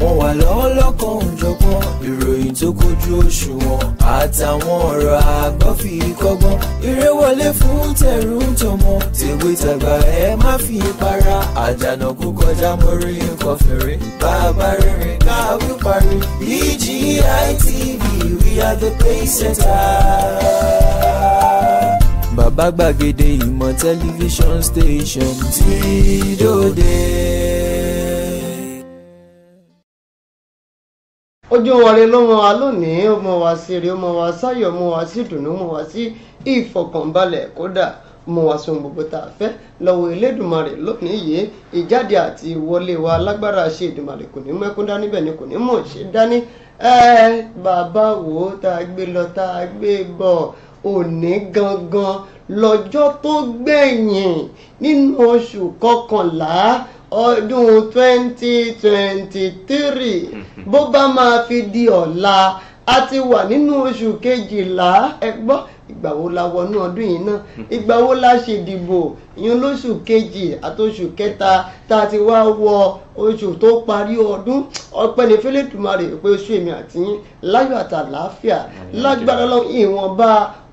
wọ́n wà lọ́wọ́ lọ́kàn òjọ̀gbọ́n ìròyìn tó kojú òṣùwọ̀n àtàwọn ọ̀rọ̀ àgbọ́ fi kọ́gbọ́n eré wọlé fún tẹ̀rù ń tọmọ tèwe tàgbà ẹ má fi para àdànà kú kọjá mọ́rí nǹkan fèrè bàbá rere káwí parí BGI e TV we are the pace setter. bàbá gbàgede ìmọ̀ tẹlifíṣọ̀n station tí dòde. ojú wọn rẹ ló mọ wa lónìí ó mọ wa sí rẹ ó mọ wa sáyọ̀ mọ wa sí ìdùnnú mọ wa sí ìfọkànbalẹ̀ kódà mọ wa sóhun gbogbo tá a fẹ́ lọ́wọ́ Elédùmarè lónìí yìí ìjáde àti ìwọlé wa lágbára ṣe Èdùmarè kò ní mẹ́kún dání bẹ́ẹ̀ ni kò ní mọ̀ ṣe dání bàbá wo tá a gbé lọ tá a gbé bọ̀ òní gangan lọ́jọ́ tó gbẹ̀yìn nínú oṣù kọkànlá. No ọdún twenty twenty three mm-hmm. bó bá máa fi di ọ̀la a ti wà nínú oṣù kejìlá ẹ gbọ́ ìgbà wo la wọnú ọdún yìí náà mm-hmm. ìgbà wo la ṣèdìbò ìyẹn lóṣù kejì àtoṣù kẹta tá a ti wá wọ oṣù tó parí ọdún ọpẹ́ ní fẹlẹtùmarè pé oṣù èmi àti yín láyọ̀ àtàlàáfíà lágbára lọ ìwọ̀nba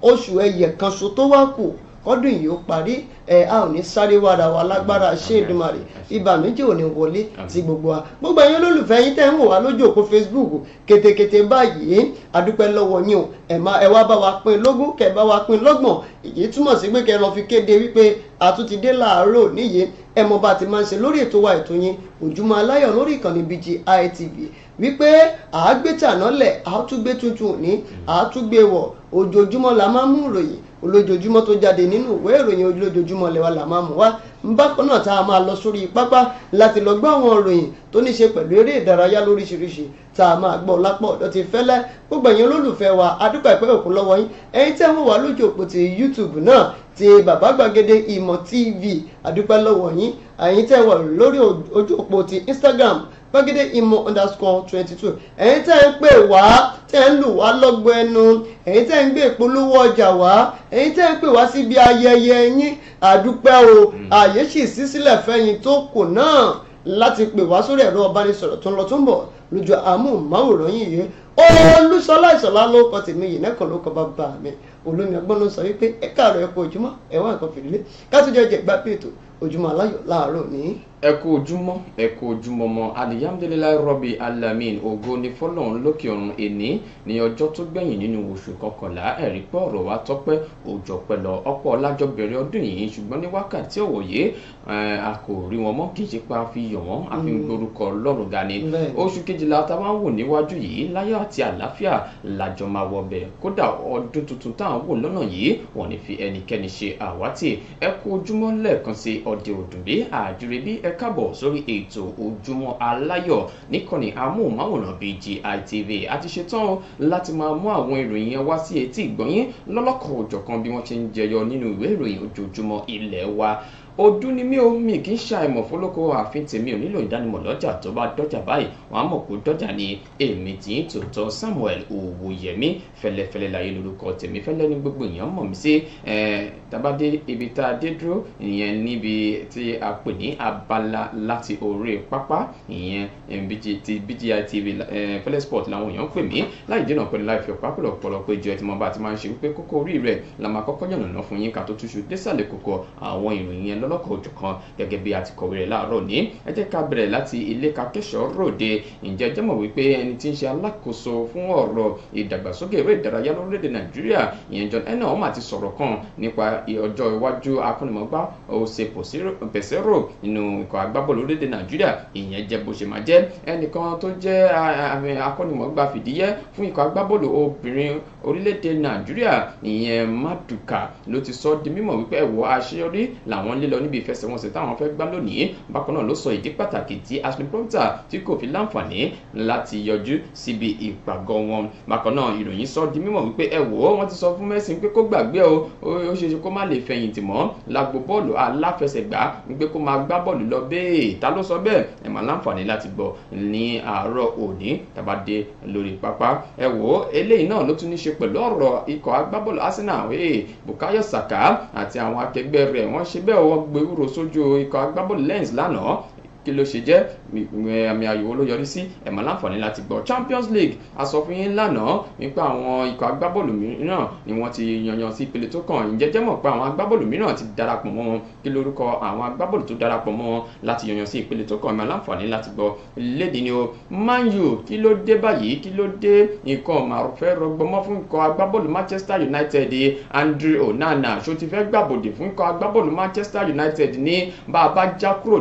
oṣù ẹyẹ kan so tó wá kù kọ́dún yìí ó parí ẹ a ò ní sáré wàrà wa lágbára ṣé Èdùmàrè ibà méjì ò ní wọlé ti gbogbo wa gbogbo ẹ̀yin olólùfẹ́ yín tẹ́ ń wò wá lójú òpó Facebook ketekete báyìí adúpẹ́ lọ́wọ́ yín o ẹ má ẹ wá bá wa pín lógún kẹ bá wa pín lọ́gbọ̀n èyí túmọ̀ sí pé kẹ lọ fi kéde wípé a tún ti dé láàárọ̀ níyẹn ẹ mọ̀ bá ti máa ń ṣe lórí ètò wa ètò yín Ojúmọ́ Aláyọ̀ lórí ìkànnì BGI TV wípé àágbé tànálẹ̀ àátúgbé tuntun òní àátúgbé wọ̀ ojoojúmọ́ la máa ń mú ìròyìn olójoojúmọ́ tó jáde nínú ìwé ìròyìn olójoojúmọ́ lẹ́wà là máa mú wá bákan náà tá a máa lọ sórí pápá láti lọ gbọ́ àwọn ìròyìn tó ní ṣe pẹ̀lú eré ìdárayá lóríṣiríṣi tá a máa gbọ́ lápọ̀ ọ̀dọ̀ ti fẹ́lẹ́ gbogbo ẹ̀yin olólùfẹ́ wa adúgbò ìpẹ́ òkun lọ́wọ́ yín ẹ̀yin tẹ́ wọ́n wà lójú òpó ti YouTube náà ti bàbá gbàgede ìmọ̀ TV adúpẹ́ lọ́wọ́ yín ẹ̀yin tẹ́ wà lórí ojú òpó ti Instagram gbàgede ìmọ̀ underscore twenty two ẹ̀yin tẹ́ ń pè wá tẹ́ ń lù wá lọ́gbọ́ ẹnu ẹ̀yin tẹ́ ń gbé ìpolówó ọjà wá ẹ̀yin tẹ́ ń pè wá síbi ayẹyẹ yín àdúpẹ́ o hmm. àyè sì ṣí sílẹ̀ fẹ́yìn tó kù náà láti pè wá sórí ẹ̀rọ ọbánisọ̀rọ̀ tó ń lọ tó ń bọ̀ lójú àmúhùnmáwòrán yìí yé olùsọlá ìsọlá ló kọ tèmi yìí nẹ́kàn ló kọ bàbá mi olómi ọgbọ́n ló sọ wípé ẹ̀ka àrò ẹ̀kọ́ ojúmọ́ ẹ̀wọ̀n ẹ̀kọ́ fìdílé ká tó jẹ́ jẹ̀gbá pètò ojúmọ́ aláyọ̀ láàárọ̀ ní ẹ kú ojúmọ́ ẹ kú ojúmọ́ mọ́ alihamdulilayi rọ́bì alamin ògo ni fọlọ́run lókè ọ̀run èní ní ọjọ́ tó gbẹ̀yìn nínú oṣù kọkànlá ẹ̀rí pé ọ̀rọ̀ wa tọ́pẹ́ òjò pẹ̀lọ́ ọ̀pọ̀ ọ̀làjọ bẹ̀rẹ̀ ọdún yìí ṣùgbọ́n ní wákàtí òwòye a kò rí wọn mọ́ kì í ṣe pa fi yọ̀ wọ́n a fi ń mm. gborúkọ lọ́rùn ga oṣù kejìlá tá a máa ń wò níwájú yìí láyọ̀ àti àlàáfíà làjọ máa wọ bẹ̀ kódà ọdún tuntun tá à ń wò lọ́nà yìí wọ́n ní fi ẹnikẹ́ni ṣe àwátì ẹ kú ojúmọ́ lẹ́ẹ̀kan sí ọdẹ òdùnbí àjùrẹ́bí ẹ ẹ káàbọ̀ sórí ètò ojúmọ́ aláyọ̀ níkànnì amóhùnmáwòrán BGI TV àti ṣetán láti máa mú àwọn ìròyìn yẹn wá sí etí ìgbọ̀nyín lọ́lọ́kọ̀ òjọ̀kan bí wọ́n ṣe ń jẹyọ nínú ìwé ìròyìn ojoojúmọ́ ilẹ̀ wa ọdún ni mí o mi kì í ṣe àìmọ̀ fọlọ́kọ àfin tèmi ò nílò ìdánimọ̀ lọ́jà tó bá dọ́jà báyìí wọ́n á mọ̀ pé dọ́jà ni èmi tí ń tòótọ́ Samuel Owóyẹmí fẹlẹfẹlẹ láyé lórúkọ tèmi fẹlẹ ní gbogbo èèyàn mọ̀ mí sí tabadé ibi tá a dé dúró ìyẹn níbi tí a pè ní abala láti orí pápá ìyẹn ti BGI TV fẹlẹ sport làwọn èèyàn ń pè mí láì dènà pẹ̀lú láì fi ọ̀pá pọ̀lọpọ̀lọ pé jọ ẹtì mọ́ bá máa ń ṣe wípé kókó orí rẹ̀ la máa kọ́kọ́ yànnàná fún yín ká tó túṣu désàlẹ̀ kòkó àwọn ìròyìn yẹn lọ́lọ́kọ̀ òjọ̀kan gẹ́gẹ́ bí a ti kọ̀wé rẹ̀ láàárọ̀ ní ẹ jẹ́ ká bẹ̀rẹ̀ láti ilé kakẹ́sọ̀ ròde ǹjẹ́ jẹ́ mọ̀ wípé ẹni tí ń ṣe alákòóso fún ọ̀rọ̀ ìdàgbàsókè eré ìdárayá lórílẹ̀‐èdè nàìjíríà ìyẹn John Ennom mà ti sọ̀rọ̀ kan nípa ọjọ́ iwájú akọ́nimọ̀gbá Jose Peseiro nínú ikọ̀ agbábọ́ọ̀lù orílẹ̀‐èdè nàìjíríà ìyẹn jẹ́ bó ṣe máa jẹ́ ẹnìkan tó jẹ́ eh, akọ́nimọ̀gbá fìdíyẹ́ fún ikọ̀ agbábọ́ọ̀lù obìnrin orílẹ̀‐èdè nàìjíríà ìyẹn Maduka ló ti sọ di mímọ̀ wípé ẹ̀wọ̀ àṣeyọrí làwọn lè lọ níbi ìfẹsẹ̀wọnsẹ̀ táwọn fẹ́ gbá lónìí bákan náà ló sọ ìdí pàtàkì tí Ashley Proctor tí kò fi láǹfààní láti yọjú síbi ìpàgọ́ wọn bákan náà ìròyìn sọ di mímọ̀ wípé ẹ wò ó wọ́n ti sọ fún Messi pé kó gbàgbé o ó ṣeéṣe kó má lè fẹ̀yìntì mọ́ lágbo bọ́ọ̀lù aláfẹsẹ̀gbá wípé kó máa gbá bọ́ọ̀lù lọ bẹ́ẹ̀ ta ló sọ bẹ́ẹ̀ ẹ máa láǹfààní láti gbọ́ ní àárọ̀ òní tàbádé lórí gbẹwúrò sójú ikọ̀ agbábọ́ọ̀lù Lens lánàá kí ló ṣe jẹ́ àmì ayò wo ló yọrí sí ẹ̀ máa láǹfààní láti gbọ́ Champions League a sọ fún yín lánàá nípa àwọn ikọ̀ agbábọ́ọ̀lù mìíràn ni wọ́n ti yanyan sí ìpele tó kàn ìjẹ́jẹ́ mọ̀ pé àwọn agbábọ́ọ̀lù mìíràn ti darapọ̀ mọ́ wọn kí lórúkọ àwọn agbábọ́ọ̀lù tó darapọ̀ mọ́ wọn láti yanyan sí ìpele tó kàn máa láǹfààní láti gbọ́ lédi ni o Man U kí ló dé báyìí kí ló dé nǹkan màrún fẹ́ rọgbọmọ́ fún ikọ̀ agbábọ́ọ̀lù Manchester United Andre Onana ṣó ti fẹ́ gbàbòdè fún Manchester United ní bá a bá já kúrò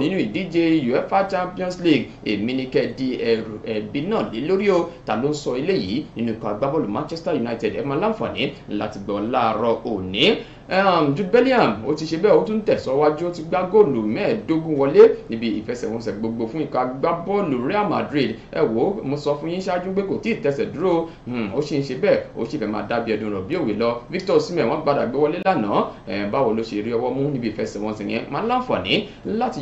uefa champions league èmi ní kẹ́ di ẹrù ẹ̀bí náà lé lórí o ta ló ń sọ eléyìí nínú ikọ̀ agbábọ́ọ̀lù manchester united ẹ̀ máa láǹfààní láti gbọ́ láàárọ̀ òní jude bellingham ó ti ṣe bẹ́ẹ̀ ó tún tẹ̀síwájú ó ti gbá góòlù mẹ́ẹ̀ẹ́dógún wọlé níbi ìfẹsẹ̀wọnsẹ̀ gbogbo fún ikọ̀ agbábọ́ọ̀lù real madrid ẹ wò ó mo sọ fún yín ṣáájú pé kò tíì tẹsẹ̀ dúró hmm, ó sì ń ṣe bẹ́ẹ̀ ó sì fẹ́ máa dábìí ẹdun rọ̀ bí òwe lọ victor osimhen wọ́n gbàdá gbé wọlé lánàá báwo ló ṣe rí ọwọ́ mú níbi ìfẹsẹ̀wọnsẹ̀ yẹn máa láǹfààní láti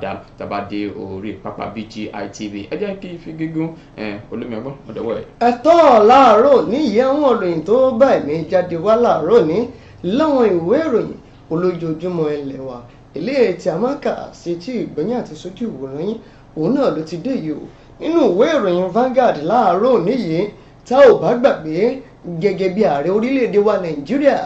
dáadáa tàbá dé orí pápá BGI TV ẹ jẹ́ kí n fi gígùn olómi ọgbọ́n ọ̀dọ́wọ́ ẹ̀. ẹ̀tọ́ láàárọ̀ níyì àwọn ìròyìn tó bá ẹ̀mí jáde wá láàárọ̀ ní láwọn ìwé ìròyìn olójoojúmọ́ ilẹ̀ wa eléyìí tí a máa ìgbẹ́yìn àti sójú ìwòran yín òun náà ló ti dé yìí o nínú ìwé ìròyìn Vanguard láàárọ̀ níyì tá ò bá gbàgbé gẹ́gẹ́ bí ààrẹ orílẹ̀-èdè wa Nàìjíríà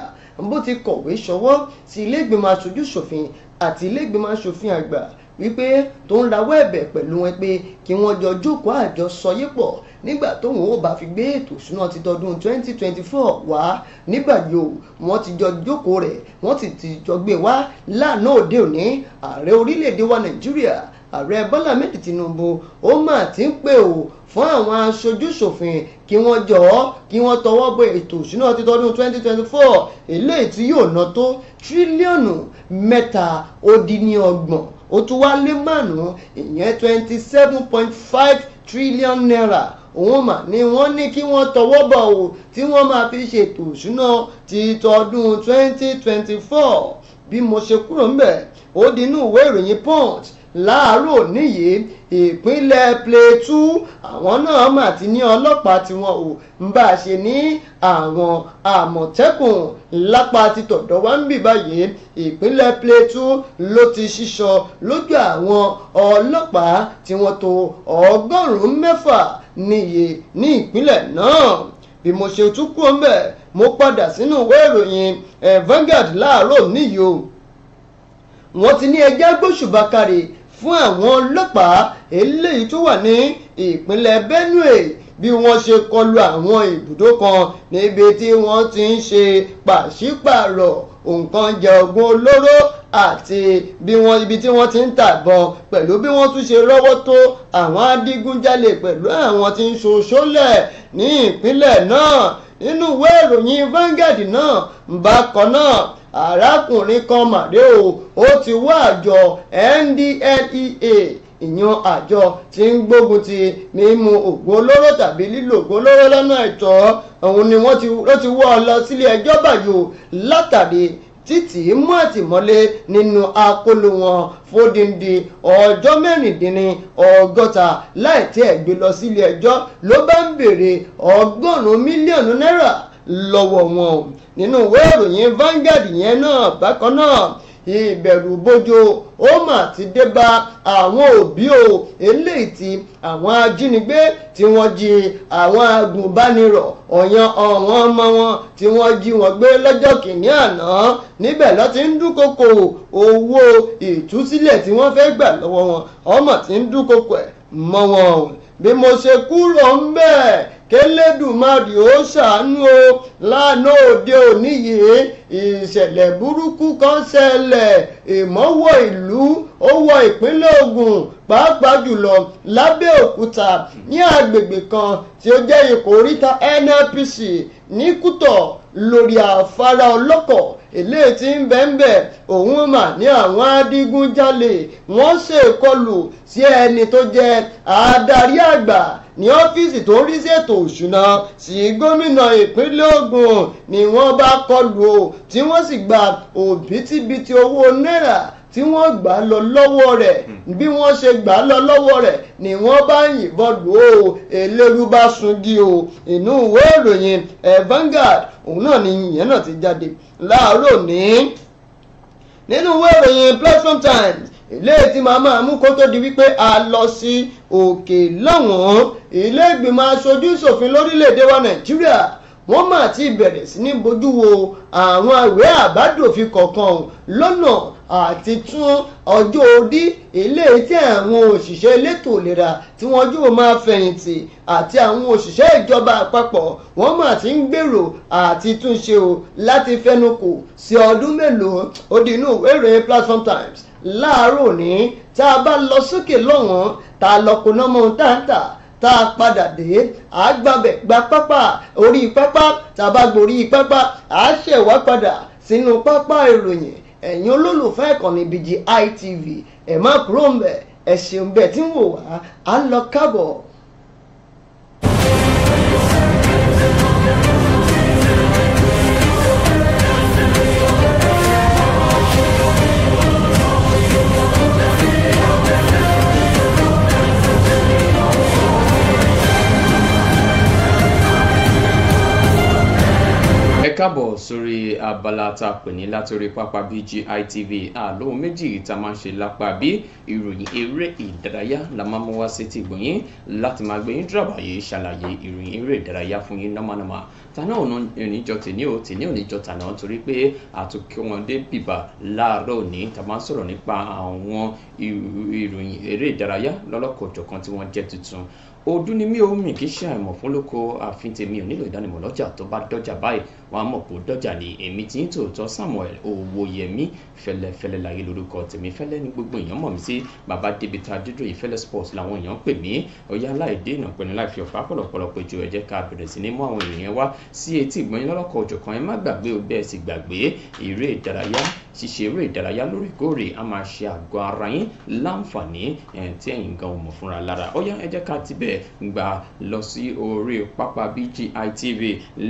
bó ti kọ̀wé ṣọwọ́ sí ilé ìgbìmọ̀ aṣojú ṣòfin àti ilé ìgbìmọ̀ aṣòfin àgbà wípé tó ń rawọ́ ẹ̀bẹ̀ pẹ̀lú wọn pé kí wọ́n jọ jókòó àjọsọyípọ̀ nígbà tóun ó bá fi gbé ètò ìṣúná ti tọdún 2024 wá nígbà o wọ́n ti jọ jókòó rẹ̀ wọ́n ti ti jọ gbé e wá lánàá òde òní ààrẹ orílẹ̀-èdè wa nàìjíríà ààrẹ bọ́lá mẹ́rin tinubu ó mà ti ń pè ó fún àwọn aṣojúṣòfin kí wọ́n jọ̀ọ́ kí wọ́n tọwọ́ bọ ètò ìṣúná ti tọdún 2024 eléyìí tí yóò ná tó tírílíọ̀nù mẹ́ta ó dín ní ọgbọ̀n ó tún wá lé márùn ìyẹn twenty seven point five trillion naira òun mà ni wọ́n ní kí wọ́n tọwọ́ bọ̀ o tí wọ́n máa fi ṣètò ìṣúná ti tọdún twenty twenty four bí mo ṣe kúrò ńbẹ̀ ó dínú ìwé ìròyìn punch láàárọ̀ níyì ìpínlẹ̀ Plateau àwọn náà mà ti ní ọlọ́pàá tiwọn ò ń bá a ṣe ní àwọn àmọ̀tẹ́kùn lápá ti tọ̀dọ̀ wá ń bì báyìí ìpínlẹ̀ Plateau ló ti ṣíṣọ lójú àwọn ọlọ́pàá tí wọ́n tó ọgọ́rùn-ún mẹ́fà níye ní ìpínlẹ̀ náà bí mo ṣe tún kú ọmọ ẹ̀ mo padà sínú ìwé ìròyìn eh, Vanguard láàárọ̀ níyì o wọ́n ti ní ẹjẹ́ gbóṣùbà kárí fún àwọn ọlọ́pàá eléyìí tó wà ní ìpínlẹ̀ Benue bí wọ́n ṣe kọlu àwọn ibùdó kan níbi tí wọ́n ti ń ṣe pàṣípààrọ̀ nǹkan jẹ ògùn olóró àti bí wọ́n ibi tí wọ́n ti ń tàbọn pẹ̀lú bí wọ́n tún ṣe rọ́wọ́ tó àwọn adigunjalè pẹ̀lú àwọn tí ń ṣoṣólẹ̀ ní ìpínlẹ̀ náà nínú ìwé ìròyìn Vanguard náà bákan náà arákùnrin kan màdé o ó ti wá àjọ NDLEA ìyan àjọ tí ń gbógun ti mímu ògùn olóró tàbí lílo ògùn olóró lọ́nà ẹ̀tọ́ òun ni wọ́n ti wọ́ ọ lọ sílé ẹjọ́ báyìí látàrí títí mú àtìmọ́lé nínú akóló wọn fódìndì ọjọ́ mẹ́rìndínní ọgọ́ta láì tí ẹ̀ gbé lọ sílé ẹjọ́ ló bá ń béèrè ọgọ́rùn-ún mílíọ̀nù náírà lọ́wọ́ wọn nínú ìwé ìròyìn Vanguard yẹn náà bákan náà ìbẹ̀rù bójó ó mà ti dé bá àwọn òbí o eléyìí tí àwọn ajínigbé tí wọ́n jí àwọn agùnbánirọ̀ ọ̀yàn ọ̀wọ́n ọmọ wọn tí wọ́n jí wọn gbé lọ́jọ́ kìíní àná níbẹ̀ ló ti ń dúnkokò owó ìtúsílẹ̀ tí wọ́n fẹ́ gbà lọ́wọ́ wọn ọmọ ti ń dúnkokò ẹ̀ mọ́ wọn o bí mo ṣe kúrò ń bẹ́ẹ̀ kélédùmarè ó ṣàánú o lánà òde òní yìí ìṣẹ̀lẹ̀ burúkú kan ṣẹlẹ̀ ìmọ̀wọ̀ ìlú ó wọ ìpínlẹ̀ Ògùn pàápàá jùlọ lábẹ́òkúta ní agbègbè kan tí ó jẹ́ ìkóríta NNPC ní Kútọ̀ lórí afárá ọlọ́kọ̀ eléyìí tí ń bẹ ń bẹ òun mà ní àwọn adigunjalè wọ́n ṣèkọlù sí ẹni tó jẹ́ adarí àgbà ní ọ́fíìsì tó ń rí sí ètò òṣùná sí gómìnà ìpínlẹ̀ Ògùn ni wọ́n bá kọlù o tí wọ́n sì gba òbítíbitì owó náírà tí wọ́n gbà lọ lọ́wọ́ rẹ̀ hmm. bí wọ́n ṣe gbà lọ lọ́wọ́ rẹ̀ ni wọ́n bá yìnbọn lù ó eléru bá sungi o inú ìwé ìròyìn Vanguard òun náà ni ìyẹn náà ti jáde láàárọ̀ ní nínú ìwé ìròyìn Platform Times ilé tí màmá amúkó tó di wípé a lọ sí òkè lọ́wọ́n ilé ìgbìmọ̀ aṣojú ìṣòfin lórílẹ̀‐èdè wa Nàìjíríà wọ́n mà ti bẹ̀rẹ̀ sí ní bójú wo àwọn ìwé àbádòfin kọ̀ọ̀kan lọ́nà àti tún ọjọ́ orí eléyìí tí àwọn òṣìṣẹ́ elétò ìlera tí wọ́n yóò máa fẹ̀yìntì àti àwọn òṣìṣẹ́ ìjọba àpapọ̀ wọ́n mà ti ń gbèrò àti túnṣe o láti fẹnukò sí ọdún mélòó ó di inú ìwé ìròyìn Platform Times láàárọ̀ ní tá a bá lọ sókè lọ́wọ́n tá a lọ kóná mọ́ ohun tá a ń tà tá a padà dé a gbàbẹ̀ gba pápá orí pápá tá a bá gborí pápá a ṣẹ̀wá padà sínú pápá ìròyìn ẹ̀yin olólùfẹ́ ìkànnì BGI TV ẹ̀ má kúrò ń bẹ̀ ẹ̀ ṣeun bẹ́ẹ̀ tí ń wò wá à ń lọ kábọ̀. káàbọ̀ sórí abala tá a pè ní látòrí pápá BGI TV àlóhùn méjì tá a máa ń ṣe lápá bí ìròyìn eré ìdárayá la máa mú wá sí ti gbòyìn láti máa gbé yín dúràbàyè ṣàlàyé ìròyìn eré ìdárayá fún yín nọ́mọ́nọ́mọ́ tànà òun oníjọ tèní ò tèní oníjọ tànà torí pé àtúnkí wọn dé bìbà láàárọ̀ òní tá a máa ń sọ̀rọ̀ nípa àwọn ìròyìn eré ìdárayá lọ́lọ́kọ̀ọ̀jọ̀kan tí wọ́n jẹ́ tuntun ojú ni mí ò mì kí ṣe àìmọ̀ fún lóko àfin tèmi ò nílò ìdánimọ̀ lọ́jà tó bá dọ́jà báyìí wọn á mọ̀ pé ó dọ́jà ni èmi tí ń tòótọ́ Samuel Owóyẹmí fẹlẹfẹlẹ láyé lórúkọ tèmi fẹlẹ ní gbogbo èèyàn mọ̀ mí sí Baba débìtà dídò ìfẹlẹ sports làwọn èèyàn pè mí ọ̀yá aláìdé ìnàpẹ̀ni láìfi ọ̀fà pọ̀lọ̀pọ̀lọ̀ pé ju ẹ jẹ́ ká bẹ̀rẹ̀ sí ní mú àwọn èèyàn wá sí etí ìgbọ̀nyìn lọ́lọ́kọ̀ òjọ̀kan ẹ má gbàgbé o bẹ́ẹ̀ sì gbàgbé eré ìdárayá ṣíṣe eré ìdárayá lóòrèkóòrè a máa ṣe àgọ́ ara yín láǹfààní tí ẹ̀yin gan mọ̀ fúnra lára ó yá ẹ jẹ́ ká tibẹ̀ gbà lọ sí orí pápá BGI TV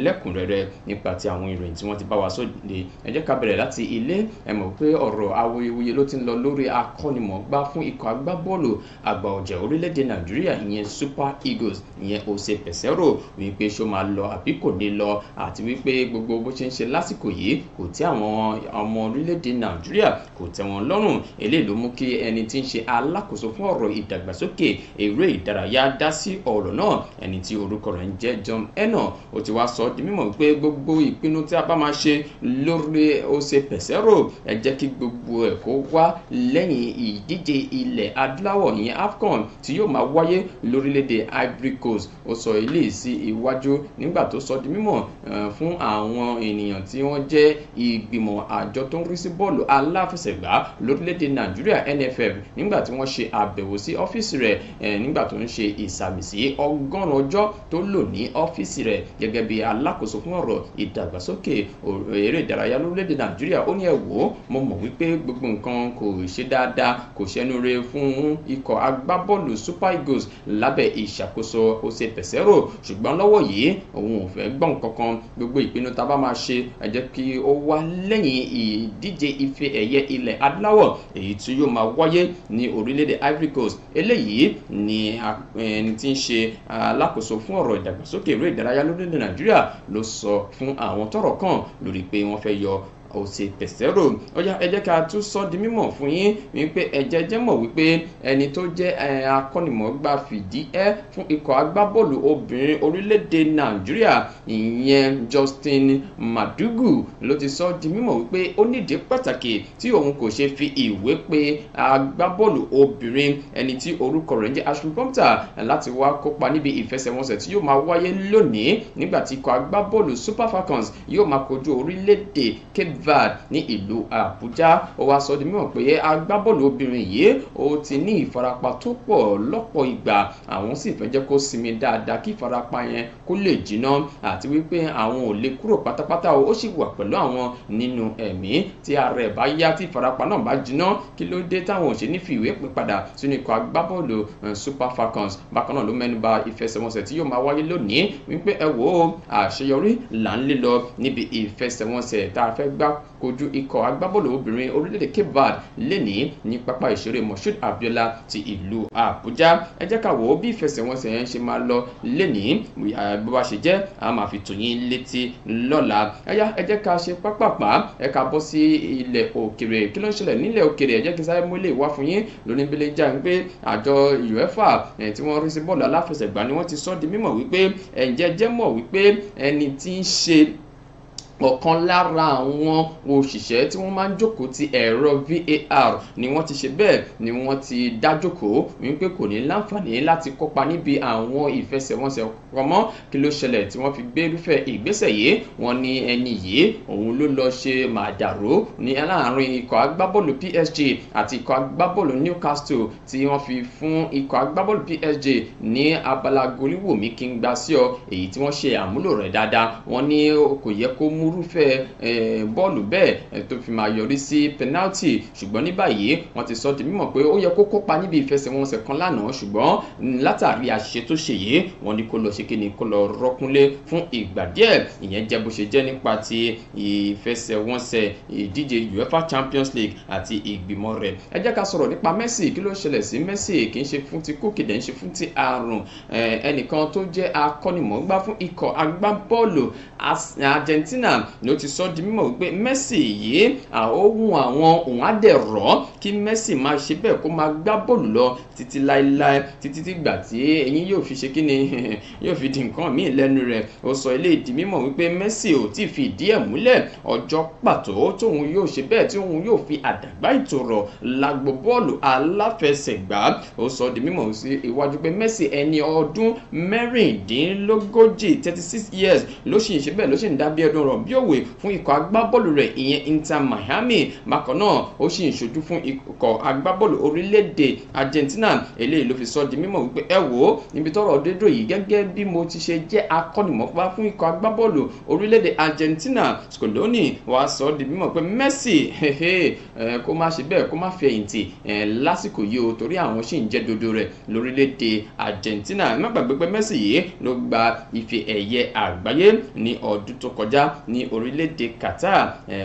lẹ́kùnrẹ́rẹ́ nípa ti àwọn ìròyìn tí wọ́n ti bá wa sóde ẹ jẹ́ ká bẹ̀rẹ̀ láti ilé ẹ mọ̀ pé ọ̀rọ̀ awuyewuye ló ti ń lọ lórí akọ́nimọ̀ọ́gbá fún ikọ̀ agbábọ́ọ̀lù àgbà ọ̀jẹ̀ orílẹ̀-èdè Nàìjíríà ìyẹn Super Eagles ìyẹn Ose Pesero wípé ṣó máa lọ àbí kò ní lọ àti wípé gbogbo bó ṣe ń ṣe lásìkò yìí kò tí àwọn ọmọ orílẹ̀ orílẹ̀-èdè nàìjíríà kò tẹ́ wọn lọ́rùn eléyìí ló mú kí ẹni tí ń ṣe alákòóso fún ọ̀rọ̀ ìdàgbàsókè eré ìdárayá dá sí ọ̀rọ̀ náà ẹni tí orúkọ rẹ̀ ń jẹ́ John eno ó ti wá sọ ọ́ di mímọ̀ pé gbogbo ìpinnu tí a bá máa ṣe lórí ose pẹ̀sẹ́rò ẹ jẹ́ kí gbogbo ẹ̀ kó wá lẹ́yìn ìdíje ilẹ̀ adúláwọ̀ ní AFCON tí yóò máa wáyé lórílẹ̀‐èdè Ivory Coast ó sọ eléyìí sí iwájú nígbà tó sọ di mímọ̀ fún àwọn ènìyàn tí wọ́n jẹ́ ìgbìmọ̀ àjọ tó ń rí sí bọ́ọ̀lù aláfẹsẹ̀gbá lórílẹ̀‐èdè nàìjíríà nff nígbà tí wọ́n ṣe àbẹ̀wò sí ọ́fíìsì rẹ̀ nígbà tó ń ṣe ìsàmìsí ọgọ́rùn-ún ọjọ́ tó lò ní ọ́fíìsì rẹ̀ gẹ́gẹ́ bí alákòóso fún ọ̀rọ̀ ìdàgbàsókè eré ìdárayá lórílẹ̀‐èdè nàìjíríà ó ní ẹ wò ó mo mọ̀ wípé gbogbo nǹkan kò ṣe dáadáa kò ṣẹnu fún ikọ̀ agbábọ́ọ̀lù super eagles lábẹ́ ìṣàkóso Jose Peseiro ṣùgbọ́n lọ́wọ́ yìí òun ò fẹ́ gbọ́n kankan gbogbo ìpinnu tá a bá máa ṣe ẹ kí ìdíje ife ẹ̀yẹ ilẹ̀ adúláwọ̀ èyí tí yóò máa wáyé ní orílẹ̀-èdè Ivory Coast eléyìí ni ẹni tí ń ṣe alákòóso fún ọ̀rọ̀ ìdàgbàsókè eré ìdárayá lórílẹ̀-èdè Nàìjíríà ló sọ fún àwọn tọ́rọ̀ kàn lórí pé wọ́n fẹ́ yọ òsè tẹ̀sẹ̀rò ọ̀yá ẹ jẹ́ ká tún sọ di mímọ̀ fún yín wípé ẹ̀jẹ̀ jẹ́ mọ̀ wípé ẹni tó jẹ́ akọ́nìmọ̀gbà fìdí ẹ́ fún ikọ̀ agbábọ́ọ̀lù obìnrin orílẹ̀-èdè nàìjíríà ìyẹn Justin Madugu ló ti sọ di mímọ̀ wípé ó nídìí pàtàkì tí òun kò ṣe fi ìwé pe agbábọ́ọ̀lù obìnrin ẹni tí orúkọ rẹ̀ ń jẹ́ Ashley Bumpter láti wá kópa níbi ìfẹsẹ̀wọnsẹ̀ tí yóò máa wáyé lónìí Super Falcons yóò máa kojú orílẹ̀ Boulevard ní ìlú Àbújá ó wá sọ di mímọ̀ pé agbábọ́ọ̀lù obìnrin yìí ó ti ní ìfarapa tó pọ̀ lọ́pọ̀ ìgbà àwọn sì fẹ́ jẹ́ kó sinmi dáadáa kí ìfarapa yẹn kó lè jìnnà àti wípé àwọn ò lè kúrò pátápátá ó sì wà pẹ̀lú àwọn nínú ẹ̀mí tí ara ẹ̀ bá yá tí ìfarapa náà bá jìnnà kí ló dé táwọn ò ṣe ní fìwé pín padà sínú ikọ̀ agbábọ́ọ̀lù eh, Super Falcons bákan náà ló mẹ́nuba ìfẹsẹ̀wọnsẹ̀ tí yóò máa wáyé lónìí wípé ẹ wò ó àṣeyọrí là ń lé lọ níbi ìfẹsẹ̀wọnsẹ̀ tá a fẹ́ gbá kojú ikọ̀ agbábọ́ọ̀lù obìnrin orílẹ̀-èdè Cape Verde lẹ́ni ní pápá ìṣeré Moshood Abiola ti ìlú Àbújá ẹ jẹ́ ká wò ó bí ìfẹsẹ̀wọnsẹ̀ yẹn ṣe máa lọ lẹ́ni bó bá ṣe jẹ́ a máa fi tò yín létí lọ́la ẹ̀yà ẹ jẹ́ ká ṣe pápápá ẹ ká bọ́ sí ilẹ̀ òkèrè kí ló ń ṣẹlẹ̀ nílẹ̀ òkèrè ẹ jẹ́ kí sáré mú ilé ìwá fún yín lónìí bí já ń pé àjọ UEFA tí wọ́n rí sí bọ́ọ̀lù aláfẹsẹ̀gbá ni wọ́n ti sọ di mímọ̀ wípé ọ̀kan lára àwọn òṣìṣẹ́ tí wọ́n máa ń jókòó ti ẹ̀rọ VAR ni wọ́n ti ṣe bẹ́ẹ̀ ni wọ́n ti dájókòó wípé kò ní láǹfààní láti kópa níbi àwọn ìfẹsẹ̀wọnsẹ̀ pamọ́ kí ló ṣẹlẹ̀ tí wọ́n fi gbé irúfẹ́ ìgbésẹ̀ yìí wọ́n ní ẹni yìí òun ló lọ ṣe màdàrú ní láàrin ikọ̀ agbábọ́ọ̀lù PSG àti ikọ̀ agbábọ́ọ̀lù Newcastle tí wọ́n fi fún ikọ̀ agbábọ́ọ̀lù PSG ní abala goliwomi kí n gbà sí ọ èyí tí irúfẹ́ bọ́ọ̀lù bẹ́ẹ̀ tó fi máa yọrí sí penalty ṣùgbọ́n ní báyìí wọ́n ti sọ di mímọ̀ pé ó yẹ kó kópa níbi ìfẹsẹ̀wọnsẹ̀ kan lánàá ṣùgbọ́n látàrí àṣìṣe tó ṣe yìí wọ́n ní kó lọ ṣe kí ni kó lọ rọ́kúnlé fún ìgbà díẹ̀ ìyẹn jẹ́ bó ṣe jẹ́ nípa ti ìfẹsẹ̀wọnsẹ̀ ìdíje UEFA Champions League àti ìgbìmọ̀ rẹ̀ ẹ jẹ́ ká sọ̀rọ̀ nípa Messi kí ló ṣẹlẹ̀ sí Messi kì í ṣe fún ti kókè dẹ̀ ń ṣe fún ti àrùn ẹnìkan tó jẹ́ akọ́nimọ̀ọ́gbá fún ikọ̀ agbábọ́ọ̀lù Argentina náà ló ti sọ di mímọ̀ wípé Messi yìí àhóhùn àwọn òun á dẹ̀ rọ̀ kí Messi máa ṣe bẹ́ẹ̀ kó máa gbá bọ́ọ̀lù lọ títí láéláé títí dìgbà tí eyín yóò fi ṣe kí ni yóò fi di nǹkan míì lẹ́nu rẹ̀ ó sọ ilé ìdí mímọ̀ wípé Messi ò tí ì fi ìdí ẹ̀ múlẹ̀ ọjọ́ pàtó tóun yóò ṣe bẹ́ẹ̀ tí òun yóò fi àdàgbà ìtòrọ̀ lágbo bọ́ọ̀lù aláfẹsẹ̀gbá ó sọ di mímọ̀ sí iwájú pé Messi ẹni ọdún mẹ́rìndínlógójì thirty six years ló sì ń ṣe bẹ́ẹ̀ ló sì ń dá bí ẹdun bí òwe fún ikọ̀ agbábọ́ọ̀lù rẹ̀ ìyẹn Inter Miami bákan náà ó sì ń ṣojú fún ikọ̀ agbábọ́ọ̀lù orílẹ̀-èdè Argentina eléyìí ló fi sọ di mímọ̀ wípé ẹ wò ó níbi tọ́rọ̀ dédò yìí gẹ́gẹ́ bí mo ti ṣe jẹ́ akọ́nìmọ̀pá fún ikọ̀ agbábọ́ọ̀lù orílẹ̀-èdè Argentina Scaloni wá sọ di mímọ̀ pé Messi kó má ṣe bẹ́ẹ̀ kó má fẹ̀yìntì lásìkò yìí o torí àwọn sì ń jẹ́ dodo rẹ̀ lórílẹ̀-èdè Argentina má gbàgbé pé Messi yìí ló gba ife ẹ̀yẹ àgbáyé ní ọdún tó kọjá ní orílẹ̀-èdè Qatar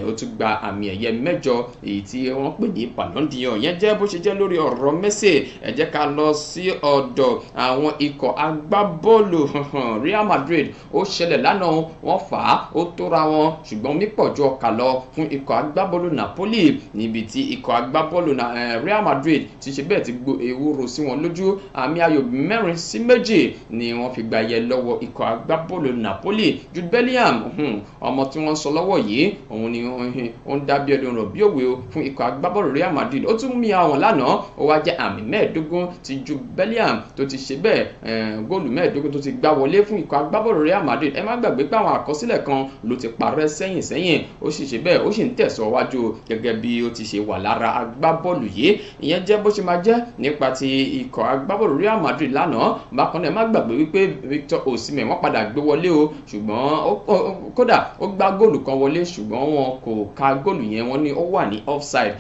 ó tún gba àmì ẹ̀yẹ mẹ́jọ èyí tí wọ́n pè ní pàlọ́ndìyàn yẹn jẹ́ bó ṣe jẹ́ lórí ọ̀rọ̀ Messi ẹ ká lọ sí ọ̀dọ̀ àwọn ikọ̀ agbábọ́ọ̀lù Real Madrid ó ṣẹlẹ̀ lánàá wọ́n fà á ó tóra wọn ṣùgbọ́n mípọ̀ ju ọkà lọ fún ikọ̀ agbábọ́ọ̀lù Napoli níbi tí ikọ̀ agbábọ́ọ̀lù eh, Real Madrid ti ṣe bẹ́ẹ̀ ti gbo ewúro sí wọn lójú àmì ayò mẹ́rin sí méjì ni wọ́n fi gbà yẹ lọ́wọ́ ikọ̀ agbábọ́ọ̀lù Napoli Jude Bellingham hmm, ọmọ ọmọ tí wọ́n ń sọ lọ́wọ́ yìí òun ni ó ń dábí ẹni ọ̀rọ̀ bí òwe o fún ikọ̀ agbábọ́ọ̀lù Real Madrid ó tún mi àwọn lánàá ó wá jẹ́ àmì mẹ́ẹ̀ẹ́dógún ti ju Bellingham tó ti ṣe bẹ́ẹ̀ eh, góòlù mẹ́ẹ̀ẹ́dógún tó ti gbá wọlé fún ikọ̀ agbábọ́ọ̀lù Real Madrid ẹ má gbàgbé pé àwọn àkọsílẹ̀ kan ló ti parẹ́ sẹ́yìn sẹ́yìn ó sì ṣe bẹ́ẹ̀ ó sì ń tẹ̀síwájú gẹ́gẹ́ bí ó ti ṣe wà lára agbábọ́ọ̀lù yìí ìyẹn jẹ́ bó ṣe máa jẹ́ nípa ti ikọ̀ agbábọ́ọ̀lù Real Madrid lánàá bákan náà ẹ má gbàgbé wípé Victor Osimhen wọ́n padà gbé wọlé o ṣùgbọ́n kódà ó gbá góòlù kan wọlé ṣùgbọ́n wọn kò ka góòlù yẹn wọ́n ni ó wà ní offside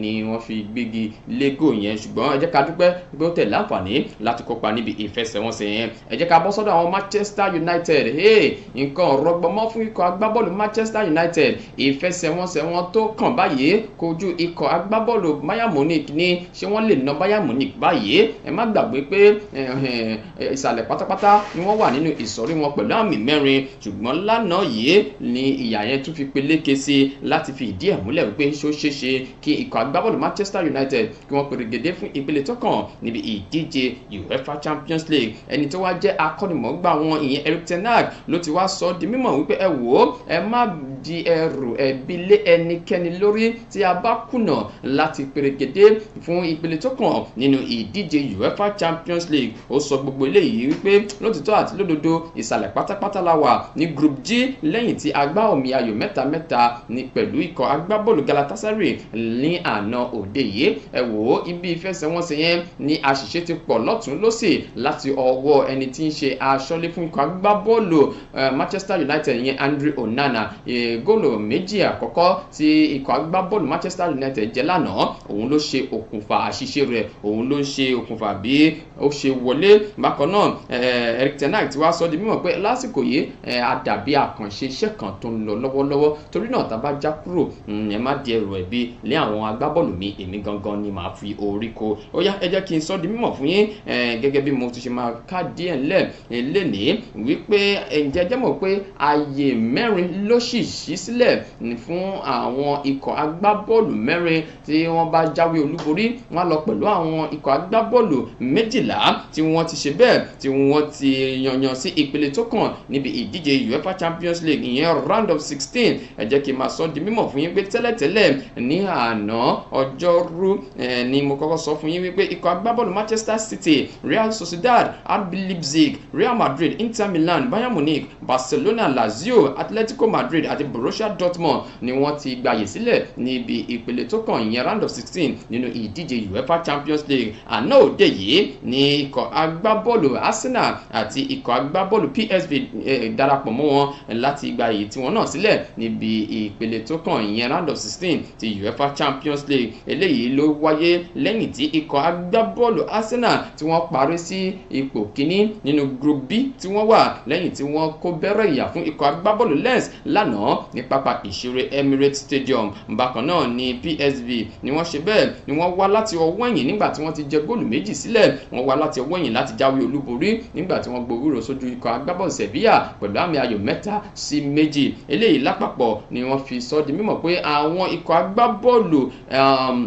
ni wọ́n fi gbégi lé góòlù yẹn ṣùgbọ́n ẹ jẹ́ ká dúpẹ́ pé ó tẹ̀ láǹfààní láti kópa níbi ìfẹsẹ̀wọnsẹ̀ yẹn ẹ jẹ́ ká bọ́ sọ́dọ̀ àwọn Manchester United hey nǹkan rọgbọ mọ́ fún ikọ̀ agbábọ́ọ̀lù Manchester United ìfẹsẹ̀wọnsẹ̀ wọn tó kàn báyìí kojú ikọ̀ agbábọ́ọ̀lù Bayern Munich ní ṣé wọ́n lè ná Bayern Munich báyìí ẹ má ni wọ́n wà nínú ìsọ̀rí wọn pẹ̀lú àmì mẹ́rin ṣùgbọ́n lánàá ni ìyà yẹn tún fi peléke sí láti fi ìdí ẹ̀ múlẹ̀ wípé ṣó ṣe ṣe kí ikọ̀ agbábọ́ọ̀lù Manchester United kí wọ́n pèrègèdè fún ìpele tó kàn níbi ìdíje UEFA Champions League ẹni tó wá jẹ́ akọ́nimọ̀ọ́gbà wọn ìyẹn Eric ten Hag ló ti wá sọ ọ́ di mímọ̀ wípé ẹ wò ó ẹ má di ẹrù ẹ̀bi lé ẹnikẹ́ni lórí tí a bá kùnà láti pèrègèdè fún ìpele tó nínú ìdíje UEFA Champions League ó sọ gbogbo eléyìí wípé lótìtọ́ àti lódodo ìsàlẹ̀ pátápátá la wà ní group G lẹ́yìn tí agbá omi ayò mẹ́ta ni ní pẹ̀lú ikọ̀ agbábọ́ọ̀lù Galatasaray ní àná òde yìí ẹ wò ó ibi ìfẹsẹ̀wọnsẹ̀ yẹn ni àṣìṣe ti pọ̀ lọ́tún lọ́sì láti ọwọ́ ẹni tí ń ṣe aṣọ́lé fún ikọ̀ agbábọ́ọ̀lù Manchester United yẹn Andrew Onana góòlù méjì àkọ́kọ́ tí ikọ̀ agbábọ́ọ̀lù Manchester United jẹ lánàá òun ló ṣe okùnfà àṣìṣe rẹ̀ òun ló ṣe okùnfà bí ó ṣe wọlé bákan náà Erik ten di mímọ̀ pé lásìkò yìí àdàbí àkànṣe iṣẹ́ kan tó ń lọ lọ́wọ́lọ́wọ́ torí náà tá a bá já kúrò mm, ẹ má di ẹrù ẹ̀bi lé àwọn agbábọ́ọ̀lù mi èmi gangan ni màá fi orí ko ó yá ẹ jẹ́ kí n sọ di mímọ̀ fún yín gẹ́gẹ́ bí mo ti ṣe máa ká díẹ̀ lẹ̀ lénìí wípé ǹjẹ́ jẹ́ mọ̀ pé ààyè mẹ́rin ló sì ṣí sílẹ̀ fún àwọn ikọ̀ agbábọ́ọ̀lù mẹ́rin tí wọ́n bá jáwé olúborí wọ́n lọ pẹ̀lú àwọn ikọ̀ agbábọ́ọ̀lù méjìlá tí wọ́n ti ṣe bẹ́ẹ̀ tí wọ́n ti yanyan sí ìpele tó kàn níbi ìdíje UEFA Champions League ìyẹn round of sixteen ẹ jẹ́ kí n máa sọ di mímọ̀ fún yín pé tẹ́lẹ̀tẹ́lẹ̀ ní àná ọjọ́rú ni mo kọ́kọ́ sọ fún yín wípé ikọ̀ agbábọ́ọ̀lù Manchester City Real Sociedad RB Leipzig Real Madrid Inter Milan Bayern Munich Barcelona Lazio Atletico Madrid àti Borussia Dortmund ni wọ́n ti gbàyè sílẹ̀ níbi ìpele tó kàn ìyẹn round of sixteen nínú ìdíje UEFA Champions League àná òde yìí ni ikọ̀ agbábọ́ọ̀lù Arsenal àti ikọ̀ agbábọ́ọ̀lù PSV darapọ̀ mọ́ wọn láti gbàyè àyè tiwọn náà sílẹ̀ níbi ìpele tó kàn ìyẹn round of sixteen ti UEFA Champions League eléyìí ló wáyé lẹ́yìn tí ikọ̀ agbábọ́ọ̀lù Arsenal tí wọ́n parí sí ipò kíní nínú group B tí wọ́n wà lẹ́yìn tí wọ́n kó bẹ́rẹ̀ ìyà fún ikọ̀ agbábọ́ọ̀lù Lens lánàá ní pápá ìṣeré Emirates Stadium bákan náà ní PSV ni wọ́n ṣe bẹ́ẹ̀ ni wọ́n wá láti ọwọ́ ẹ̀yìn nígbà tí wọ́n ti jẹ góòlù méjì sílẹ̀ wọ́n wá láti ọwọ́ ẹ̀yìn láti jáwé olúborí nígbà tí wọ́n gbowó rò sójú ikọ̀ agbábọ́ọ̀lù Sevilla méjì eléyìí lápapọ̀ ni wọ́n fi sọ di mímọ̀ pé àwọn ikọ̀ agbábọ́ọ̀lù um,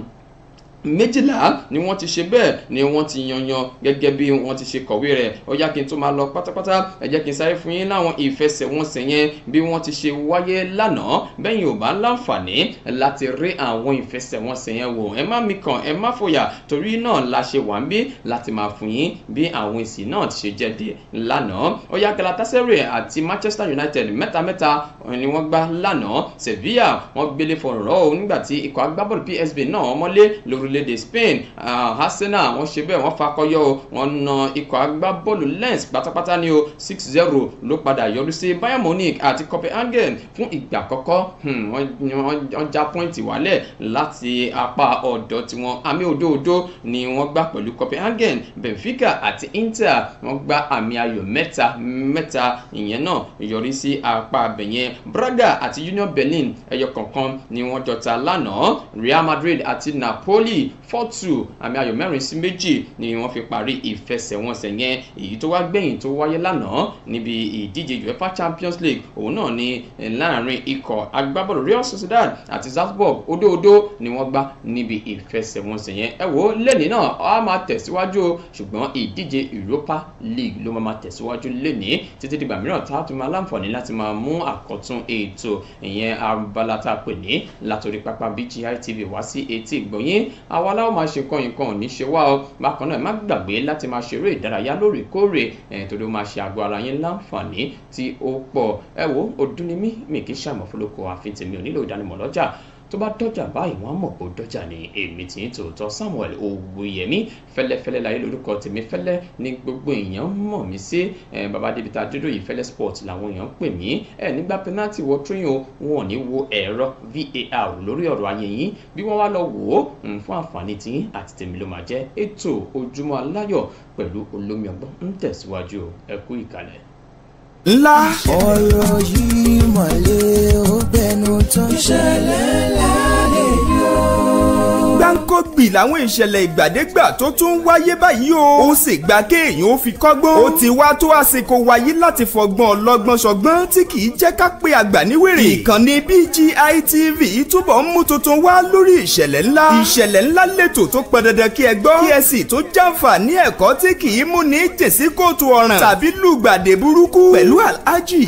méjìlá ni wọ́n ti ṣe bẹ́ẹ̀ ni wọ́n ti yanyan gẹ́gẹ́ bí wọ́n ti ṣe kọ̀wé rẹ̀ ó yá kí n tó máa lọ pátápátá ẹ jẹ́ kí n sáré fún yín láwọn ìfẹsẹ̀wọnsẹ̀ yẹn bí wọ́n ti ṣe wáyé lánàá bẹ́yìn ò bá láǹfààní láti rí àwọn ìfẹsẹ̀wọnsẹ̀ yẹn wò ẹ má mikàn ẹ má fòyà torí náà la ṣe wà ń bí láti máa fún yín bí àwọn èsì náà ti ṣe jáde lánàá ó yá àti Manchester United mẹ́tamẹ́ta ni wọ́n gbá lánàá Sevilla wọ́n gbélé fọ̀rọ̀ nígbà tí ikọ̀ agbábọ́ọ̀lù PSV náà mọ́lé lórílẹ̀ orílẹ̀-èdè Spain Arsenal wọ́n ṣe bẹ́ẹ̀ wọ́n fakọyọ o wọ́n na ikọ̀ agbábọ́ọ̀lù Lens pátápátá ní o six zero ló padà yọrí sí Bayern Munich àti Copenhagen fún ìgbà àkọ́kọ́ hmm, wọ́n já pọ́ìntì wálẹ̀ láti apá ọ̀dọ̀ tiwọn àmì òdòdó ni wọ́n gbà pẹ̀lú Copenhagen Benfica àti Inter wọ́n gba àmì ayò mẹ́ta mẹ́ta ìyẹn náà yọrí sí apá abẹ̀yẹn Braga àti Union Berlin ẹyọ kọ̀ọ̀kan ni wọ́n jọta lánàá Real Madrid àti Napoli three four two àmì ayò mẹ́rin sí méjì ni wọ́n fi parí ìfẹsẹ̀wọnsẹ̀ yẹn èyí tó wá gbẹ̀yìn tó wáyé lánàá níbi ìdíje UEFA Champions League òun náà ni láàrin ikọ̀ agbábọ́ọ̀lù Real Sociedad àti Salzburg odoodo ni wọ́n gbá níbi ìfẹsẹ̀wọnsẹ̀ yẹn ẹ wò ó lẹ́ni náà a máa tẹ̀síwájú ṣùgbọ́n ìdíje Europa League ló máa tẹ̀síwájú lẹ́ni títí dìgbà mìíràn tá a tún máa láǹfààní láti máa mú àkọ́tún ètò ìyẹn abala tá a pè ní látòrí pápá BGI TV wá sí etí ìgbọ̀nyín àwa aláwọ̀ máa ṣe kan nǹkan ò ní ṣe wá ọ bákan náà má gbàgbé láti máa ṣeré ìdárayá lóòrèkóòrè eh, tó ló máa ṣe àgọ́ ara yín láǹfààní tí ó pọ̀ ẹ wo mi kì í ṣàmọ̀fólókò àfi tèmi ò nílò ìdánimọ̀ lọ́jà tó bá dọ́jà báyìí wọ́n á mọ̀ pé ó dọ́jà ní èmi tí ń tòótọ́ Samuel Owóyẹmí fẹ́lẹ́fẹ́lẹ́ láyé lórúkọ tèmi fẹ́lẹ́ ní gbogbo èèyàn mọ̀ mí sí bàbá débi tá yìí fẹ́lẹ́ sport làwọn èèyàn ń pè mí ẹ nígbà penalty wọ tríyìn o oh, wọn ò ní wo ẹ̀rọ VAR lórí ọ̀rọ̀ ayé yín bí wọ́n wá lọ wò ó fún àǹfààní tiyín àti tèmi ló máa jẹ́ ètò ojúmọ́ aláyọ̀ pẹ̀lú olómi ọgbọ́n ń tẹ̀síwájú ẹ kú ìkàlẹ̀ ńlá. ọ̀rọ̀ yìí mọ̀lẹ́ ó bẹnu tán. ìṣẹ̀lẹ̀ gbòógbì làwọn ìṣẹ̀lẹ̀ ìgbàdégbà tó tún wáyé báyìí o. ó sì gba kéèyàn ó fi kọ́gbọ́n. ó ti wá tó àsìkò wáyé láti fọgbọ́n ọlọ́gbọ́n tí kì í jẹ́ ká pé àgbà níwèrè. ìkànnì BGI TV túbọ̀ ń mú tuntun wá lórí ìṣẹ̀lẹ̀ ńlá. ìṣẹ̀lẹ̀ ńlá lètò tó pọn dandan kí ẹ gbọ́. kí ẹ sì tó jàǹfà ní ẹ̀kọ́ tí kì í mú ní jèsí kóòtù ọ̀ràn. tàbí lùgbàdì burúkú. pẹ̀lú alhaji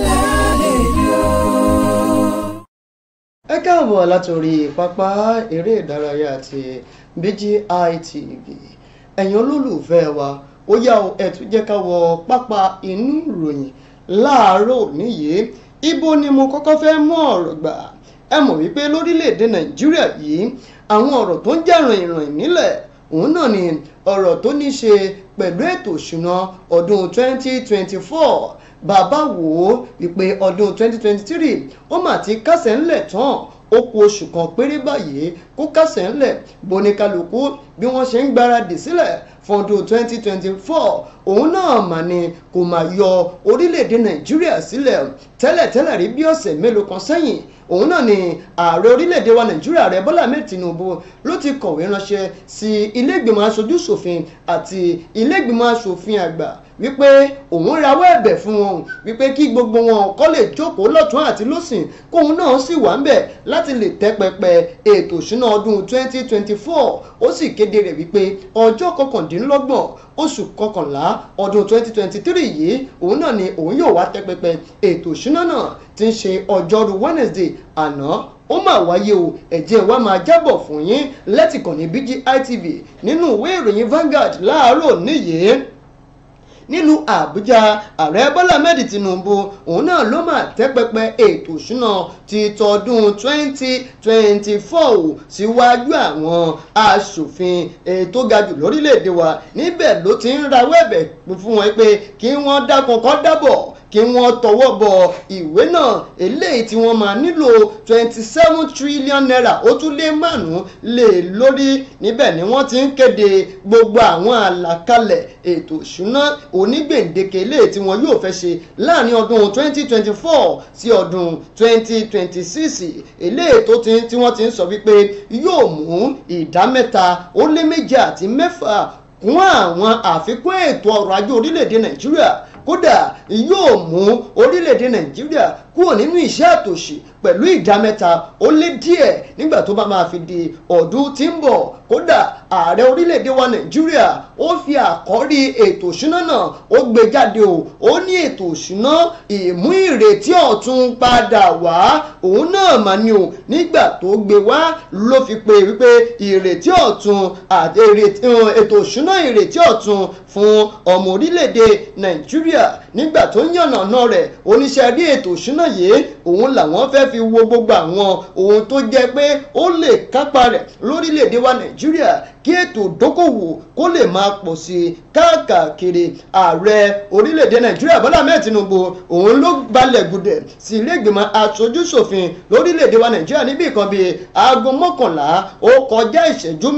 ẹ káàbọ̀ látòrí pápá eré ìdárayá ti BGI TV ẹ̀yin olólùfẹ́ wa ó yá o ẹ tún jẹ́ ká wọ pápá inú ìròyìn láàárọ̀ níyì ibo ni mo kọ́kọ́ fẹ́ mú ọ̀rọ̀ gbà ẹ mọ̀ wípé lórílẹ̀‐èdè nàìjíríà yìí àwọn ọ̀rọ̀ tó ń jà rìnrìn nílẹ̀ òun náà ni ọ̀rọ̀ tó ní ṣe pẹ̀lú ètò ìṣúná ọdún 2024 bàbá wò ó wípé ọdún 2023 ó mà ti kásẹ̀ ńlẹ̀ tán ó kù oṣù kan péré báyìí kó kásẹ̀ ńlẹ̀ boníkálukú bí wọ́n ṣe ń gbáradì sílẹ̀ fọdún 2024 òun náà mà ní kò máa yọ orílẹ̀-èdè nàìjíríà sílẹ̀ tẹ́lẹ̀tẹ́lẹ̀ rí bí ọ̀sẹ̀ mélòó kan sẹ́yìn òun náà ni ààrẹ orílẹ̀-èdè wa nàìjíríà rẹ̀ bọ́lá ahmed tinubu ló ti kọ̀wé ránṣẹ́ sí ilé ìgbìmọ̀ aṣojú ṣòfin àti ilé ìgbìmọ̀ aṣòfin àgbà wípé òun rawọ́ ẹ̀bẹ̀ fún wọn wípé kí gbogbo wọn kó lè jókòó lọ́tún àti lọ́sìn kóun náà sì wà ń bẹ̀ láti lè tẹ́ pẹpẹ ètò ìṣúná ọdún 2024 ó sì kéde rẹ̀ wípé ọjọ́ kọkàndínlọ́gbọ̀n oṣù kọkànlá ọdún 2023 yìí òun náà ni òun yóò wá tẹ́ pẹpẹ ètò ìṣúná náà ti ń ṣe ọjọ́rú Wednesday àná ó mà wáyé o ẹ̀jẹ̀ wa máa jábọ̀ fún yín lẹ́tìkànnì BGI TV nínú ìwé ìròyìn Vanguard láàárọ̀ níyìí nílùú àbújá ààrẹ bọ́lá ahmed tinubu òun náà ló máa tẹ́ pẹpẹ ètò ìṣúná ti tọdún 2024 síwájú àwọn aṣòfin tó ga jù lórílẹ̀‐èdè wa níbẹ̀ ló ti ń rawọ́ ẹ̀bẹ̀ fún wọn pé kí wọ́n dákun kọ́ dábọ̀ kí wọ́n tọwọ́ bọ̀ ìwé náà eléyìí tí wọ́n máa nílò twenty seven trillion naira ó tún lé márùn-ún lé lórí níbẹ̀ ni wọ́n ti ń kéde gbogbo àwọn àlàkalẹ̀ ètò ìṣúná onígbèǹdéke eléyìí tí wọ́n yóò fẹ́ ṣe láàrin ọdún twenty twenty four sí ọdún twenty twenty six eléyìí tó ti tí wọ́n ti ń sọ wípé yóò mú ìdá mẹ́ta ó lé méje àti mẹ́fà kún àwọn àfikún ètò ọrọ̀ ajé orílẹ̀-èdè Nàìjíríà kódà yóò mú orílẹ̀-èdè nàìjíríà kúrò nínú ìṣẹ́ àtòṣì pẹ̀lú ìdá mẹ́ta ó lé díẹ̀ nígbà tó bá máa fi di ọdún tí ń bọ̀ kódà ààrẹ orílẹ̀-èdè wa nàìjíríà ó fi àkọ́rí ètò òṣùná náà ó gbé jáde o ó ní ètò òṣùná ìmú ìrètí ọ̀tun padà wá òun náà mà ní o nígbà tó gbé wá ló fi pe wípé ìrètí ọ̀tun àti ètò òṣùná ìrètí ọ̀tun fún ọmọ orílẹ̀-èdè nàìjíríà nígbà tó ń yànnàná rẹ̀ oníṣẹ́ rí ètò òṣùná súnà yìí òun làwọn fẹ́ fi wo gbogbo àwọn ohun tó jẹ́ pé ó lè kápá rẹ̀ lórílẹ̀‐èdè wa nàìjíríà kí ètò ìdókòwò kó lè máa pọ̀ sí i káàkiri ààrẹ orílẹ̀‐èdè nàìjíríà bọ́lá ahmed tinubu òun ló balẹ̀ gùdẹ̀ sí ilé ìgbìmọ̀ aṣojúṣòfin lórílẹ̀‐èdè wa nàìjíríà níbi ìkan bíi aago mọ́kànlá ó kọjá ìṣẹ́jú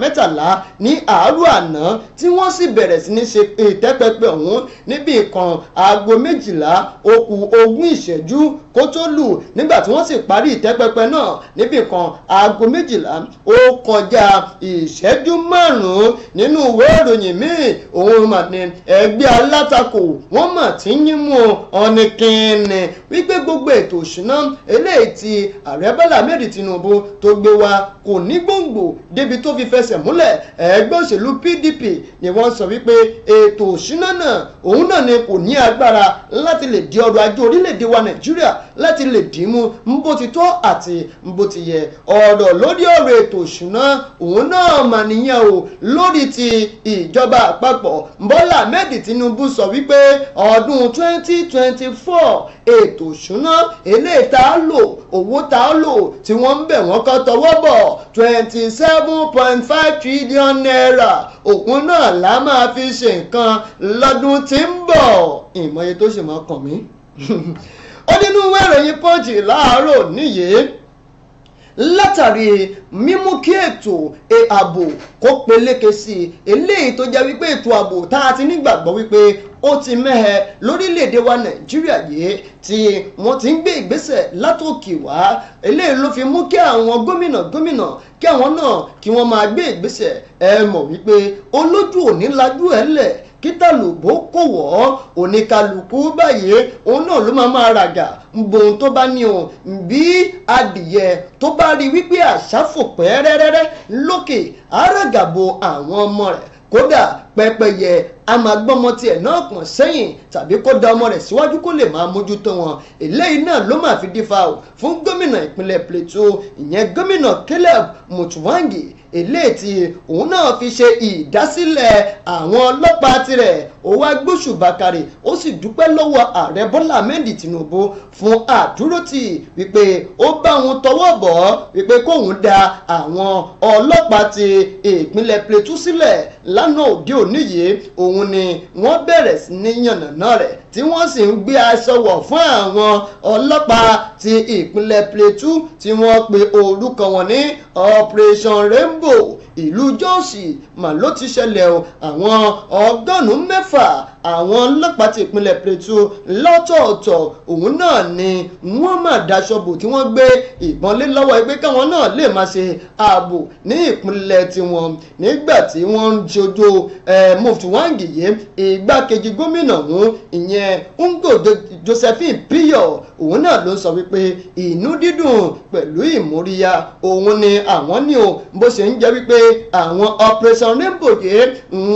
mẹ́tàlá ní àárọ̀ àná tí wọ́n sì bẹ̀rẹ̀ sí ní ṣe ìtẹ́pẹpẹ ọ̀hún níbi ìkan aago méjìlá ó ogún ìṣẹ́ Jeju kó tó lù nígbà tí wọ́n sì parí ìtẹ́pẹpẹ náà níbì kan aago méjìlá ó kọjá ìṣẹ́jú márùn-ún nínú ìwé ìròyìn míì òun mà ní ẹgbẹ́ alátakò wọ́n mà ti ń yín ọ̀nì kìíní wípé gbogbo ètò òṣùná eléyìí tí ààrẹ bọ́lá mẹ́rin tinubu tó gbé wa kò ní gbòǹgbò débi tó fi fẹsẹ̀ múlẹ̀ ẹgbẹ́ òṣèlú pdp ni wọ́n sọ wípé ètò òṣùná náà òun náà ni kò ní agbára láti lè di ọrọ̀ ajé orílẹ̀-èdè wa nàìjíríà láti lè dìímú bó ti tọ́ àti bó ti yẹ ọ̀rọ̀ lórí ọ̀rọ̀ ètò òṣùná òun náà mà nìyẹn o lórí ti ìjọba àpapọ̀ Bọ́lá Ahmed Tinubu sọ wípé ọdún 2024 ètò òṣùná eléyìí tá a lò owó tá a lò tí wọ́n ń bẹ̀ wọ́n kọ́ tọwọ́ bọ̀ five trillion naira òkun náà la máa fi ṣe nǹkan lọ́dún tí ń bọ̀ ìmọ̀ye tó ṣe máa kàn mí. ó nínú ìwé ìròyìn pọ́ǹchì láàárọ̀ nìyẹn látàrí mímú kí ètò e, ààbò kó peléke sí i eléyìí tó jẹ́ wípé ètò ààbò tá a ti nígbàgbọ́ wípé ó ti mẹ́hẹ lórílẹ̀‐èdè wa nàìjíríà yìí tí wọ́n ti ń gbé ìgbésẹ̀ látòkè wá eléyìí ló fi mú kí àwọn gómìnà gómìnà kí àwọn náà kí wọ́n máa gbé ìgbésẹ̀ ẹ mọ̀ wípé olójú òní lajú ẹ̀ lẹ̀ kítàlùbó kò wọ́ oníkálukú báyìí òun náà ló máa máa rajà gbohun tó bá ní o bí adìyẹ tó bá rí wípé àṣà fò pẹ́ rẹ́rẹ́rẹ́ lókè àràgàbo àwọn ọmọ rẹ̀ kódà pẹ́pẹ́yẹ a máa gbọ́mọ tiẹ̀ náà pọ̀n sẹ́yìn tàbí kó da ọmọ rẹ̀ síwájú kó lè máa mójútó wọn eléyìí náà ló máa fi dífá o fún gómìnà ìpínlẹ̀ Plateau ìyẹn gómìnà Caleb Mutwangi eléyìí tí òun náà fi ṣe ìdásílẹ̀ àwọn ọlọ́pàá tirẹ̀ ó wá gbóṣùbàkàrè ó sì dúpẹ́ lọ́wọ́ ààrẹ Bọ́lá Ahmed Tinubu fún àdúrótì wípé ó bá òun tọwọ́ bọ̀ wípé kóun da àwọn ọlọ́pàá ti ìpínlẹ̀ Plateau sílẹ̀ lánàá òde òní yìí òun ni wọ́n bẹ̀rẹ̀ sí ní yànnàná rẹ̀ tí wọ́n sì ń gbé aṣọ wọ̀ fún àwọn ọlọ́pàá ti ìpínlẹ̀ Plateau tí wọ́n pe orúkọ wọn ní Operation Rainbow ìlú Jọ́ọ̀sì mà ló ti ṣẹlẹ̀ o àwọn ọgọ́rùn-ún mẹ́fà àwọn ọlọ́pàá ti ìpínlẹ̀ Plateau lọ́tọ̀ọ̀tọ̀ òun náà ni wọ́n mà daṣọ bò tí wọ́n gbé ìbọn lé lọ́wọ́ ẹgbẹ́ káwọn náà lè máa ṣe ààbò ní ìpínlẹ̀ tiwọn nígbà tí wọ́n ń ṣojú mufti wangiye igbákejì gómìnà ọ̀hún ìyẹn ngo josephine piyo òun náà ló sọ wípé inú dídùn pẹ̀lú ìmúríyá òun ni àwọn ní o bó ṣe ń jẹ́ wípé àwọn operation rainbow yìí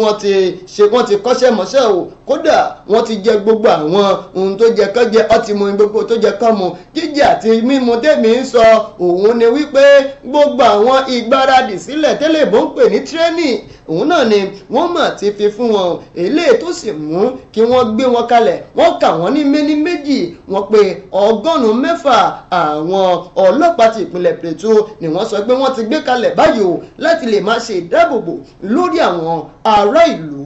wọ́n ti ṣe wọ́n ti kọ́ṣẹ́ mọṣẹ́ o kódà wọ́n ti jẹ gbogbo àwọn ohun tó jẹ kán jẹ ọtí mu gbogbo tó jẹ kán jíjẹ àti mímu tèmi ń sọ òun ni wípé gbogbo àwọn ìgbáradì sílẹ̀ tẹ́lẹ̀ bó ń pè ní training òun náà ni wọ́n mọ̀ náà ti fi fún wọn eléyìí tó sì mú kí wọ́n gbé wọn kalẹ̀ wọ́n kà wọ́n ní méní méjì wọ́n pé ọgọ́rùn-ún mẹ́fà àwọn ọlọ́pàá ti ìpínlẹ̀ Plateau ni wọ́n sọ pé wọ́n ti gbé kalẹ̀ báyìí o láti lè máa ṣe ìdáàbòbò lórí àwọn ará ìlú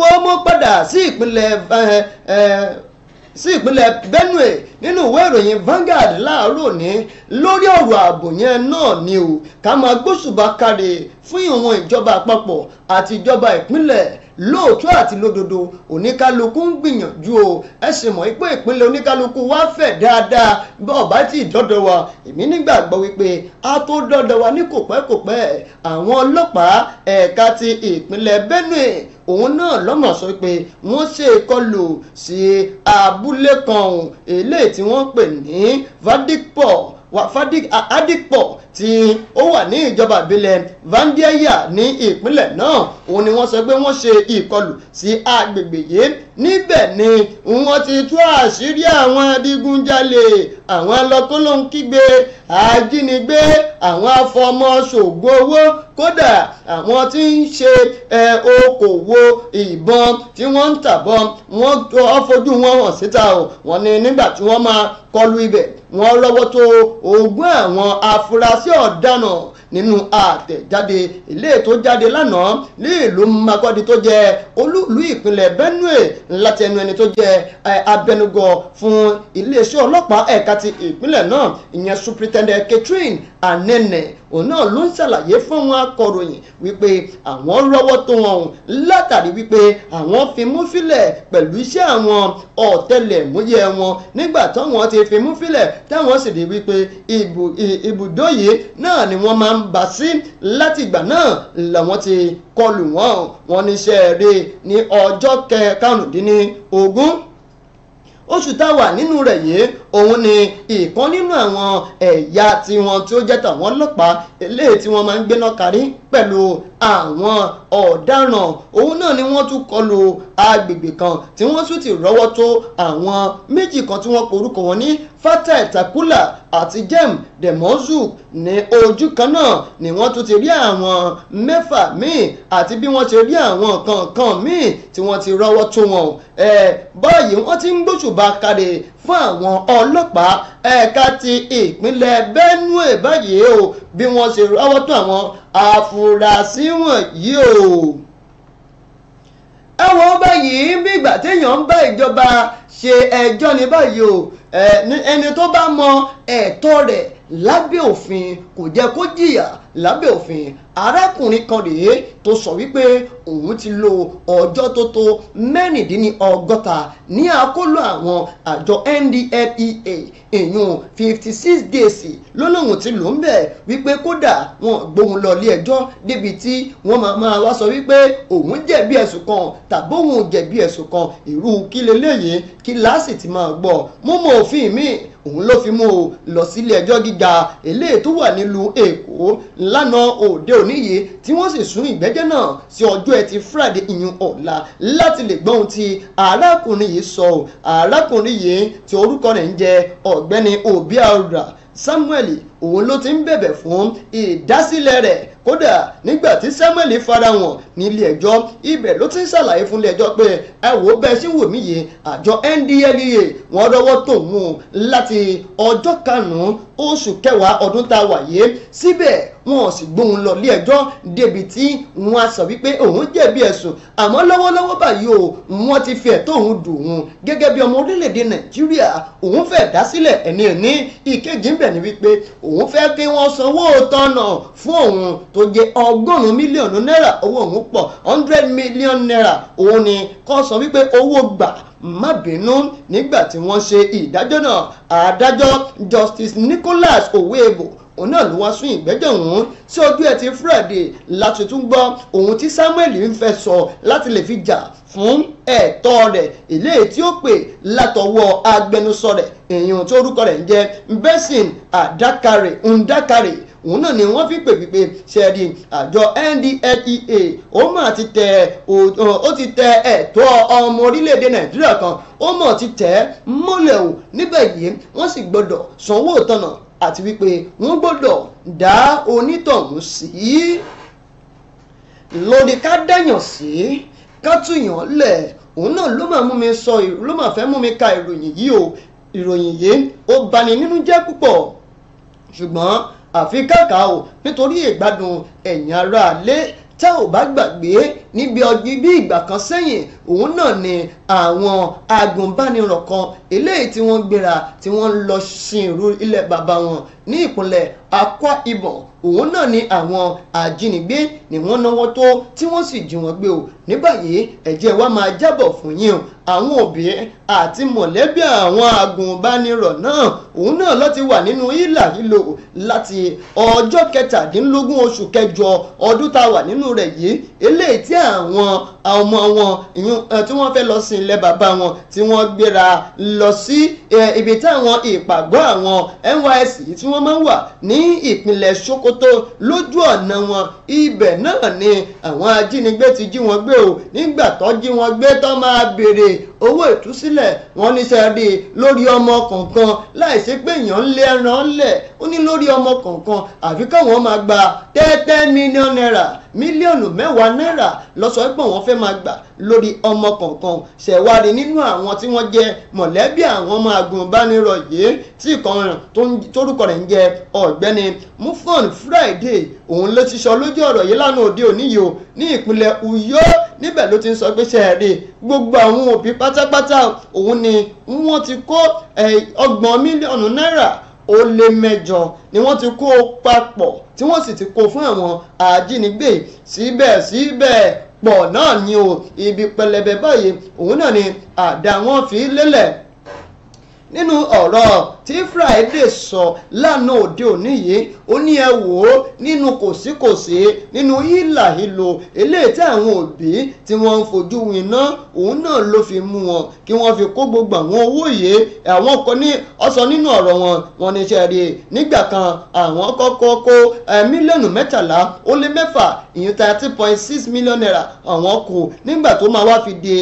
wọ́n mú padà sí ìpínlẹ̀ eh, eh, sí ìpínlẹ̀ Benue nínú ìwé ìròyìn Vanguard láàárọ̀ ní lórí ọ̀rọ̀ ààbò yẹn náà ni o ká máa gbóṣùbà káre fún ìwọn ìjọba àpapọ̀ àti ìjọba ìpínlẹ̀ lóòótọ́ àti lódodo oníkálukú ń gbìyànjú o ẹ sì mọ̀ pé ìpínlẹ̀ oníkálukú wá fẹ̀ dáadáa bá ọ̀bá tí ìdọ́dọ̀ wa èmi nígbàgbọ́ wípé a tó dọ́dọ̀ wa ní kòpẹ́kòpẹ́ àwọn ọlọ́pàá ẹ̀ka ti ìpínlẹ̀ Benue òun náà lọ́mọ̀ sọ pé wọ́n ṣe ìkọlù sí abúlé kan eléyìí tí wọ́n pè ní Vadipo Adipo tí ó wà ní ìjọba ìbílẹ̀ vandieya ní ìpínlẹ̀ náà òun ni wọ́n sọ pé wọ́n ṣe ìkọlù sí agbègbè yìí níbẹ̀ ni wọ́n ti tú àṣírí àwọn adigunjalè àwọn lọ́kọ́lọ́ńkígbe ajínigbé àwọn afọmọ ṣògùn owó kódà àwọn tí ń ṣe okòwò ìbọn tí wọ́n ń tàbọn wọ́n fojú wọn hàn síta o wọ́n ní nígbà tí wọ́n máa kọlu ibẹ̀ wọ́n lọ́wọ́ tó ogún àwọn afurasí sí ọ̀daràn nínú àtẹ̀jáde ilé tó jáde lánàá ní ìlú Makurdi tó jẹ́ olúlu ìpínlẹ̀ Benue láti ẹnu ẹni tó jẹ́ abẹnugọ̀ fún iléeṣẹ́ ọlọ́pàá ẹ̀ka ti ìpínlẹ̀ náà ìyẹn Superintendent Catherine Anene òun náà ló ń ṣàlàyé fún wọn akọ̀ròyìn wípé àwọn rọ́wọ́ tó wọn ọ̀hún látàrí wípé àwọn fimú fílẹ̀ pẹ̀lú iṣẹ́ àwọn ọ̀tẹlẹ̀múyẹ́ wọn nígbà táwọn ti fimú fílẹ̀ táwọn sì rí wípé ibùdó yìí náà ni wọ́n máa ń bá sí láti ìgbà náà làwọn ti kọlù wọn wọn níṣẹ́ rí ní ọjọ́ kẹkàrúndínlógún oṣù táwa nínú rẹ̀ yìí òun ni ìkan nínú àwọn ẹ̀yà tiwọn tí ó jẹ́ tàwọn ọlọ́pàá eléyìí tí wọ́n máa ń gbéná kárí pẹ̀lú àwọn ọ̀daràn òun náà ni wọ́n tún kọlù agbègbè kan tí wọ́n tún ti rọ́wọ́ tó àwọn méjì kan tí wọ́n porúkọ wọn ní fatai takula àti jem demozuk ní ojú kan náà ni wọ́n tún ti rí àwọn mẹ́fà míì àti bí wọ́n ti rí àwọn kankan míì tí wọ́n ti rọ́wọ́ tó wọn ẹ̀ báyìí wọ́n ti ń gbóṣùbà kalẹ̀ fún àwọn ọlọ́pàá ẹ̀ka ti ìpínlẹ̀ Benue báyìí o bí wọ́n ṣe rọ́wọ́ tó àwọn afurasí wọ̀nyí o ẹ̀wọ̀n báyìí bí ìgbà téèyàn ń bá ìjọba ṣe ẹjọ́ ní báyìí o ẹni tó bá mọ ẹ̀tọ́ rẹ̀ lábẹ́ òfin kò jẹ́ kó jìyà lábẹ́ òfin arákùnrin kan rèé tó sọ wípé òun ti lo ọjọ́ tó tó mẹ́rìndínlọ́gọ́ta ní àkólò àwọn àjọ NDLEA èyún fifty six days ló lóun ti lò ń bẹ̀ wípé kódà wọn gbóhùn lọ ilé ẹjọ́ débi tí wọ́n máa máa wá sọ wípé òun jẹ̀bi ẹ̀sùn kan tàbóhùn jẹ̀bi ẹ̀sùn kan irú kí leléyìí kí láàsì ti máa gbọ́ mú mọ òfin míì òun ló fi mú o lọ sílé ẹjọ́ gíga eléyìí tó wà nílùú èkó lánàá òde òní yìí tí wọ́n sì sún ìgbẹ́jẹ́ náà sí ọjọ́ ẹtì friday ìyún ọ̀la láti lè gbọ́ ohun tí arákùnrin yìí sọ o arákùnrin yìí tí orúkọ rẹ̀ ń jẹ́ ọ̀gbẹ́ni obiara samuel òun ló ti ń bẹ̀bẹ̀ fún ìdásílẹ̀ rẹ̀ kódà nígbà tí Samuel farahàn nílé ẹjọ́ ibẹ̀ ló ti ń ṣàlàyé fún ilé ẹjọ́ pé ẹ wò ó bẹ́ẹ̀ sí wò mí yìí àjọ NDLEA wọ́n rọ́wọ́ tòun láti ọjọ́ karùn-ún oṣù kẹwàá ọdún tá a wà yìí síbẹ̀ wọn ò sì gbóhùn lọ ilé ẹjọ́ débi tí wọn a sọ wípé òun jẹ̀bi ẹ̀sùn àmọ́ lọ́wọ́lọ́wọ́ báyìí o wọ́n ti fi ẹ̀tọ́ òun dùn òun gẹ́gẹ́ bí ọmọ orílẹ̀-èdè Nàìjíríà òun fẹ́ dá sílẹ̀ ni wípé òun fẹ́ kí wọ́n sanwó tọ́nà fún òun tó jẹ́ ọgọ́rùn-ún mílíọ̀nù náírà owó òun pọ̀ hundred million naira òun ni kọ́ sọ wípé owó gbà má bínú nígbà tí wọ́n ṣe ìdájọ́ náà adájọ́ justice nicholas owóèbò òun náà ló wá sún ìgbẹ́jọ́ ọ̀hún sí ojú ẹtì Friday láti tún gbọ́ ohun tí Samuel ń fẹ́ sọ láti lè fi jà fún ẹ̀tọ́ rẹ̀ ilé tí ó pè látọwọ́ agbẹnusọ rẹ̀ èèyàn tó orúkọ rẹ̀ ń jẹ́ Blessing Adakare Ndakare òun náà ni wọ́n fi pè wípé ṣẹ́ẹ̀rì àjọ NDLEA ó mà ti tẹ ó ti tẹ ẹ̀tọ́ ọmọ orílẹ̀-èdè Nàìjíríà kan ó mà ti tẹ̀ mọ́lẹ̀ o níbẹ̀ yìí wọ́n sì gbọ́dọ̀ sanwó ìtanà àti wípé wọ́n gbọ́dọ̀ dá onítọ̀hún sí lòdì ká dáyàn sí ká túyàn lẹ̀ òun náà ló máa mú mi sọ ló máa fẹ́ mú mi ka ìròyìn yìí o ìròyìn yìí ó bani nínú jẹ́ púpọ̀ ṣùgbọ́n àfi kàkà o nítorí ìgbádùn ẹ̀yin ará alé tá ò bá gbàgbé níbi ọdún bí ìgbà kan sẹ́yìn òun náà ni àwọn agùnbánirọ̀ kan eléyìí tí wọ́n gbéra tí wọ́n ń lọ sìnrú ilẹ̀ bàbá wọn ní ìpínlẹ̀ Akwa Ibom òun náà ni àwọn ajínigbé ni wọ́n náwó tó tí wọ́n sì jí wọn gbé o ní báyìí ẹ̀jẹ̀ wa máa jábọ̀ fún yín o àwọn òbí àti mọ̀lẹ́bí àwọn agùnbánirọ̀ náà òun náà ló ti wà nínú ìlà ìlò láti ọjọ́ kẹtàdínlógún oṣù kẹjọ ọdún tá a wà nínú rẹ̀ yìí eléyìí tí àwọn ọmọ wọn ìyún Eh, tí wọ́n fẹ́ lọ sin ilẹ̀ bàbá wọn tí wọ́n gbéra lọ sí eh, ibi táwọn ìpàgọ́ àwọn NYSC tí wọ́n máa ń wà ní ìpínlẹ̀ Sokoto lójú ọ̀nà wọn ibẹ̀ náà ni àwọn ajínigbé ti jí wọn gbé o nígbà tó jí wọn gbé tó máa béèrè owó ìtúsílẹ̀ wọn ní sáré lórí ọmọ kọ̀ọ̀kan láìsí pé èèyàn ń lé ẹran lẹ̀ ó ní lórí ọmọ kọ̀ọ̀kan àfi káwọn máa gba tẹ́tẹ́ mílíọ̀nù náírà mílíọ̀nù mẹ́wàá náírà lọ́sọ̀ pé wọ́n fẹ́ máa gbà lórí ọmọ kọ̀ọ̀kan ṣẹ̀wárí nínú àwọn tí wọ́n jẹ́ mọ̀lẹ́bí àwọn ọmọ àgùnbánirọ̀ yìí tí ìkànnì tórúkọ rẹ̀ ń jẹ́ ọ̀gbẹ́ni mufon friday òun ló ti sọ lójú ọ̀rọ̀ yìí lánàá òde òní yìí o ní ìpínlẹ̀ Ọ̀yọ́ níbẹ̀ ló ti ń sọ pé ṣe é rí gbogbo àwọn òbí pátápátá òun ni wọ́n ti kó ọgbọ̀n mílíọ̀nù náírà ó lé mẹ́jọ ni wọ́n ti kó papọ̀ tí wọ́n sì ti kó fún àwọn ajínigbé síbẹ̀síbẹ̀ pọ̀ náà ni o ibi pẹlẹbẹ báyìí òun náà ni àdá wọn fi lélẹ̀ nínú ọ̀rọ̀ tí Friday sọ lánàá òde òní yìí ó ní ẹ wò ó nínú kòsíkòsí nínú hílàhílo eléyìí tí àwọn òbí tí wọ́n ń fojú winá òun náà ló fi mú wọn kí wọ́n fi kó gbogbo àwọn owó yìí àwọn kan ní ọsọ nínú ọ̀rọ̀ wọn wọn ní iṣẹ́ rí nígbà kan àwọn kọ́kọ́ kó mílíọ̀nù mẹ́tàlá ó lé mẹ́fà ìyẹn thirty point six million naira àwọn kù nígbà tó máa wá fi di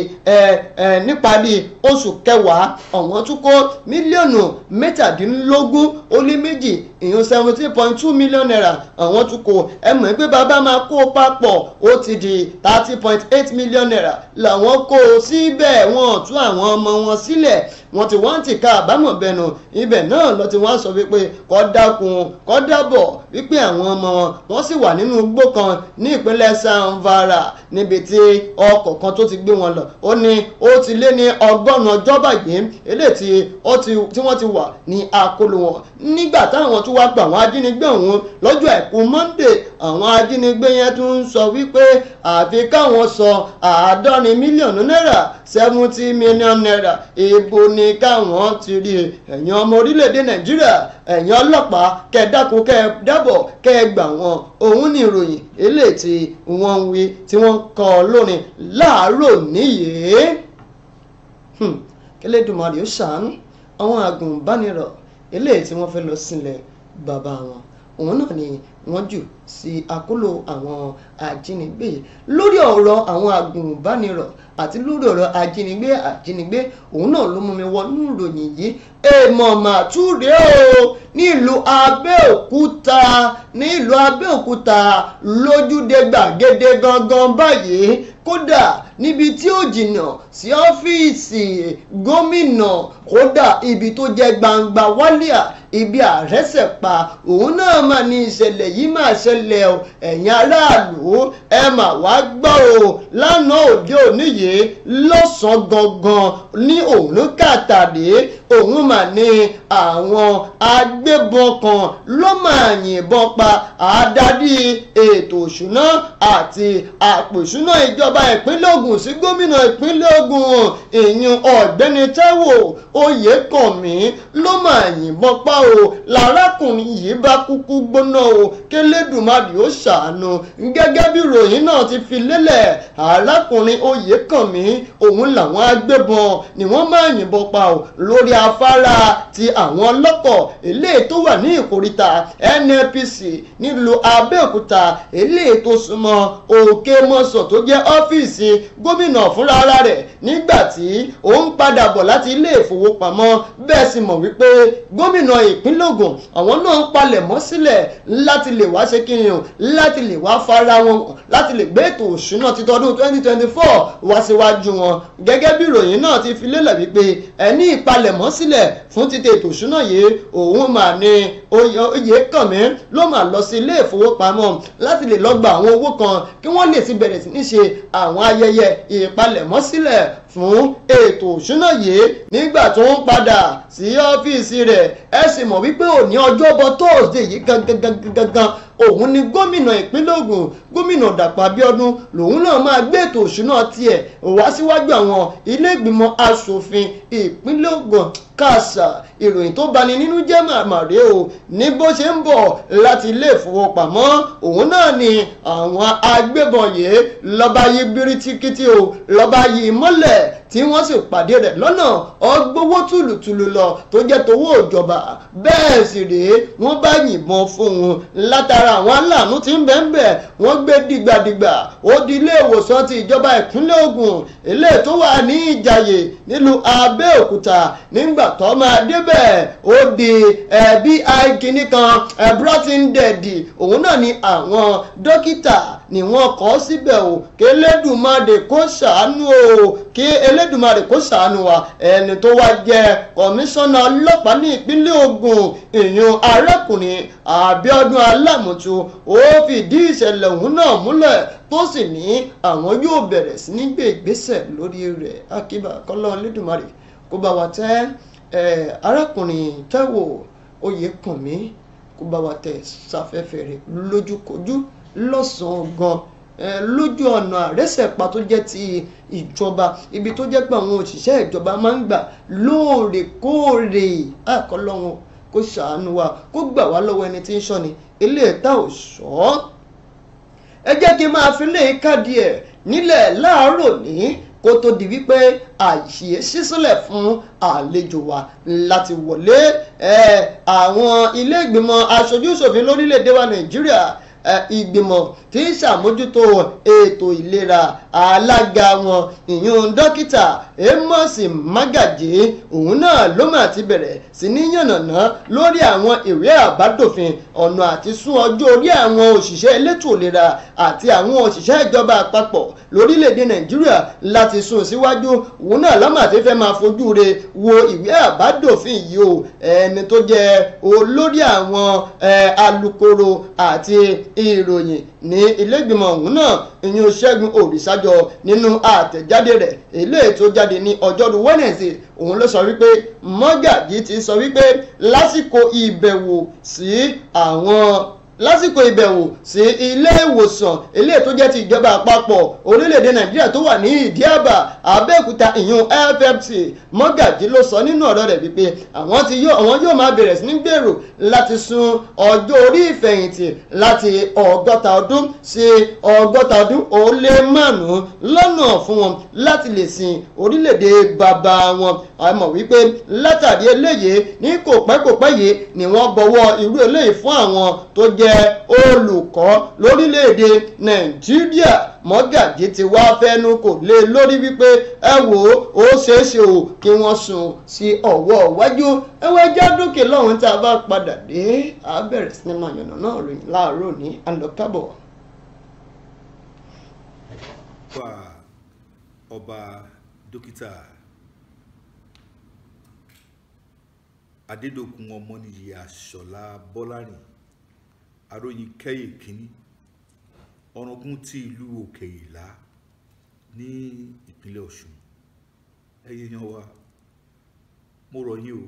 níparí oṣù kẹwàá àwọn tún kó mílíọ̀nù mẹ́tàlá mẹ́tàdínlógún ó lé méjì ìyún seventeen point two million naira àwọn tún kó ẹ mọ̀ pé bàbá máa kó papọ̀ ó ti di thirty point eight million naira làwọn kó o síbẹ̀ wọn ò tú àwọn ọmọ wọn sílẹ̀ wọ́n ti wọ́n ti ka àbámọ̀ bẹnu ibẹ̀ náà lọ ti wọ́n sọ wípé kọ́ dákun kọ́ dábọ̀ wípé àwọn ọmọ wọn wọ́n sì wà nínú igbó kan ní ìpínlẹ̀ sanvara níbi tí ọkọ̀ kan tó ti gbé wọn lọ ó ní ó ti lé ní ọgọ́rùn-ún ọjọ́ báyìí eléyìí tí wọ́n ti wà Ni akóló wọn nígbà táwọn tún wá gbà àwọn ajínigbé ọ̀hún lọ́jọ́ àìkú monde àwọn ajínigbé yẹn tún ń sọ wípé àfi káwọn sọ àádọ́rin mílíọ̀nù náírà seventy million naira ibo ni káwọn ti rí e? ẹ̀yin ọmọ orílẹ̀-èdè nàìjíríà ẹ̀yin ọlọ́pàá kẹ́ẹ̀dákun kẹ́ẹ̀dábọ̀ kẹ́ẹ̀gbà wọn òun ni ìròyìn eléyìí tí wọ́n ń wí tí wọ́n kọ lórin láàárọ̀ níyì. Hmm. kí Elédùmarè ó ṣàánú àwọn àgùnbánirọ̀ eléyìí tí wọ́n fẹ́ lọ sílẹ̀ bàbá wọn òun náà ni wọ́n jù sí àkólò àwọn ajínigbé lórí ọ̀rọ̀ àwọn agùnbánirọ̀ àti lórí ọ̀rọ̀ ajínigbé ajínigbé òun náà ló mú mi wọnú ìròyìn yìí èèmọ̀ màtúndé o nílùú Abẹ́òkúta nílùú Abẹ́òkúta lójúde gbàgede gangan báyìí kódà níbi tí ó jìnnà sí ọ́fíìsì gómìnà kódà ibi tó jẹ́ gbangba wálíà ibi àrẹ́sẹ̀ pa òun náà mà ní ìṣẹ̀lẹ̀ yìí mà ṣẹlẹ̀ o ẹ̀yin aráàlú ẹ mà wá gbọ́ o lánàá òde òní lọ́sàn-án gangan ní òun kàtàdé òun mà ní àwọn agbébọn kan ló mà yìnbọn pa àádárí ètò òṣùná àti àpò ìṣúná ìjọba ìpínlẹ̀ Ògùn sí gómìnà ìpínlẹ̀ Ògùn ìyún ọ̀gbẹ́ni Táíwò Oyèkànmí ló mà yìnbọn pa o lárákùnrin yìí bá kúkú gbóná o kélédùmarè ó ṣàánú gẹ́gẹ́ bí ìròyìn náà ti fi lélẹ̀ arákùnrin Oyèkànmí òun làwọn agbébọn ni wọ́n máa yìnbọn pa o lórí afárá ti àwọn ọlọ́kọ̀ eléyìí tó wà ní ìkóríta NNPC nílùú Abẹ́òkúta eléyìí tó súnmọ́ Òkè Mọ́sàn tó jẹ́ ọ́fíìsì gómìnà fúnra ara rẹ̀ nígbà tí ó ń padà bọ̀ láti ilé ìfowópamọ́ bẹ́ẹ̀ sì mọ̀ wípé gómìnà ìpínlẹ̀ Ògùn àwọn náà ń palẹ̀ mọ́ sílẹ̀ láti lè wá ṣe kí ni o láti lè wá fara wọn láti lè gbé ètò òṣùná ti tọdún 2024 wá síwájú wọn gẹ́gẹ́ bí ìròyìn náà ti fi lélẹ̀ wípé ẹni ìpalẹ̀mọ́ sílẹ̀ fún títẹ ètò ìṣúná yìí òun mà ní Oyèkànmí ló mà lọ sí ilé ìfowópamọ́ láti lè lọ gba àwọn owó kan kí wọ́n lè ti bẹ̀rẹ̀ sí ní ṣe àwọn ayẹyẹ ìpalẹ̀mọ́ sílẹ̀ fún ètò òṣúná yìí nígbà tó ń padà sí ọ́fíìsì rẹ̀ ẹ sì mọ̀ wípé òní ọjọ́bọ tóòsdè yìí gangan òun ni gómìnà ìpínlẹ̀ Ògùn gómìnà Dàpọ̀ Abíọ́dún lòun náà máa gbé ètò òṣúná tiẹ̀ wá síwájú àwọn ilé ìgbìmọ̀ asòfin ìpínlẹ̀ Ògùn kàṣà ìròyìn tó bani nínú jẹ́ màmàrè o ní bó ṣe ń bọ̀ láti ilé ìfowópamọ́ òun náà ni àwọn agbébọn yìí lọ́ba yìí biritikiti o lọ́ba yìí mọ́lẹ̀ tí wọ́n sì pàdé rẹ̀ lọ́nà ọgbówó tùlùtùlù lọ tó jẹ́ tówó ìjọba bẹ́ẹ̀ sì rèé wọ́n bá yìnbọn fún un látara àwọn aláàánú tí ń bẹ ń bẹ̀ wọ́n gbé dìgbàdìgbà ó di ilé ìwòsàn ti ìjọba ìpínlẹ̀ Ògùn ilé tó wà ní Ìjàyè nílùú Abẹ́òkúta nígbà tó máa débẹ̀ ó di ẹbí àìkíní kan ẹ̀bùrọ̀ ti ń dẹ̀dì òun náà ni àwọn dókítà ni wọ́n kọ́ síbẹ̀ o kí elédùnmarè kó ṣàánú o kí elédùnmarè kó ṣàánú wa ẹni tó wá jẹ́ kọmíṣánná ọlọ́pàá ní ìpínlẹ̀ Ògùn ìyún arákùnrin Abíọ́dún Alámùtù ó fìdí ìṣẹ̀lẹ̀ ọ̀hún náà múlẹ̀ tó sì ní àwọn yóò bẹ̀rẹ̀ sí ní gbé ìgbésẹ̀ lórí rẹ̀ akíbà kọ́lọ́n elédùnmarè kó bá wa tẹ́ arákùnrin Táíwò Oyèkùnmí kó bá wa tẹ̀ sáfẹ́fẹ́ rẹ̀ lójúkojú lọ́sàn-án gan lójú ọ̀nà àrẹ́sẹ̀pá tó jẹ́ ti ìjọba ibi tó jẹ́ pé àwọn òṣìṣẹ́ ìjọba máa ń gbà lóòrèkóòrè àkọlọ́wọ́n kó ṣàánú wa kó gbà wá lọ́wọ́ ẹni tí ń ṣọ́ni eléyìí tá ò ṣọ́ ẹ jẹ́ kí n máa fi lè e káàdì ẹ̀ nílẹ̀ láàárọ̀ ní kó tó di wípé àyè ṣí fún àlejò wa láti wọlé àwọn ilé ìgbìmọ̀ aṣojú ṣòfin lórílẹ̀‐èdè wa Nàìjíríà ìgbìmọ̀ tí ń ṣàmójútó ètò ìlera alága wọn ìyún dókítà amos magaji òun náà ló mà ti bẹ̀rẹ̀ sí ní yànnàná lórí àwọn ìwé àbádòfin ọ̀nà àti sún ọjọ́ orí àwọn òṣìṣẹ́ elétò ìlera àti àwọn òṣìṣẹ́ ìjọba àpapọ̀ lórílẹ̀‐èdè nàìjíríà láti sún síwájú òun náà lọ́mà tí fẹ́ máa fojú re wo ìwé àbádòfin yìí o ẹni tó jẹ́ olórí àwọn alukoro àti ìròyìn ní ilégbìmọ̀ ọ̀hún náà ìyún ṣẹ́gun òrìṣàjọ nínú àtẹ̀jáde rẹ̀ eléyìí tó jáde ní ọjọ́rú wẹ́nẹ̀sì òun ló sọ wípé mọ́gàjì ti sọ wípé lásìkò ìbẹ̀wò sí àwọn lásìkò ìbẹ̀wò sí ilé ìwòsàn ilé tó jẹ́ ti ìjọba àpapọ̀ orílẹ̀-èdè nàìjíríà tó wà ní ìdíàbà abẹ́òkúta ìyún ffc mọ́gàjí ló sọ nínú ọ̀rọ̀ rẹ̀ wípé àwọn ti yóò àwọn yóò máa bẹ̀rẹ̀ sí ní gbèrò láti sun ọjọ́ orí ìfẹ̀yìntì láti ọgọ́ta ọdún sí ọgọ́ta ọdún ó lé márùn-ún lọ́nà fún wọn láti lè sin orílẹ̀-èdè bàbá wọn àmọ́ wípé látàrí eléyìí ní kò pẹ́ kò pẹ́ yìí ni wọ́n bọ̀wọ́ irú eléyìí fún àwọn tó jẹ́ olùkọ́ lórílẹ̀‐èdè nàìjíríà ti wá fẹ́nu kò lé lórí wípé ẹ wò ó ṣeéṣe o kí wọ́n sùn sí ọ̀wọ́ iwájú ẹwẹ́ já dókè lọ́hùn a bá padà dé a bẹ̀rẹ̀ sinimá yànnà náà ròyìn láàárọ̀ ní aróyinkẹ́yè kínní ọ̀ràngún ti ìlú òkè ìlá ní ìpínlẹ̀ ọ̀ṣun ẹ̀yin èèyàn wa mo rọ̀ yín o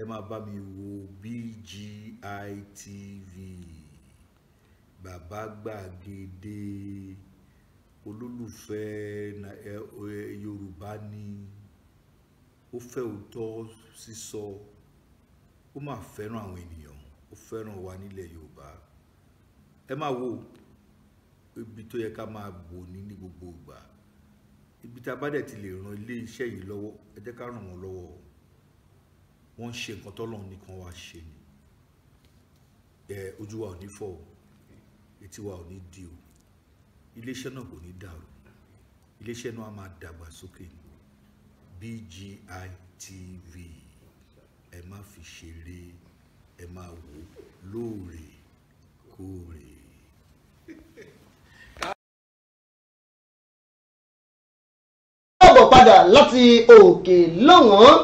ẹ máa bá mi wo BGI TV bàbá gbàgede olólùfẹ́ yorùbá ni ó fẹ́ òótọ́ sísọ ó máa fẹ́ràn àwọn ènìyàn fẹ́ràn wa nílẹ̀ Yorùbá ẹ máa wo ibi tó yẹ ká máa wò ní ní gbogbo ìgbà ibi tá a bá dẹ̀ ti lè ran ilé iṣẹ́ yìí lọ́wọ́ ẹ jẹ́ ká ràn wọ́n lọ́wọ́ wọ́n ń ṣe nǹkan tọ́lọ́run nìkan wá ṣe ni ẹ ojú wa ò ní fọ́ o etí wa ò ní di o iléeṣẹ́ náà kò ní dàrú iléeṣẹ́ náà a máa dàgbà sókè ni BGI TV ẹ má fi ṣeré ẹ máa wò ó lóòrèkóòrè. káàbọ̀ padà láti òkè lọ́wọ́n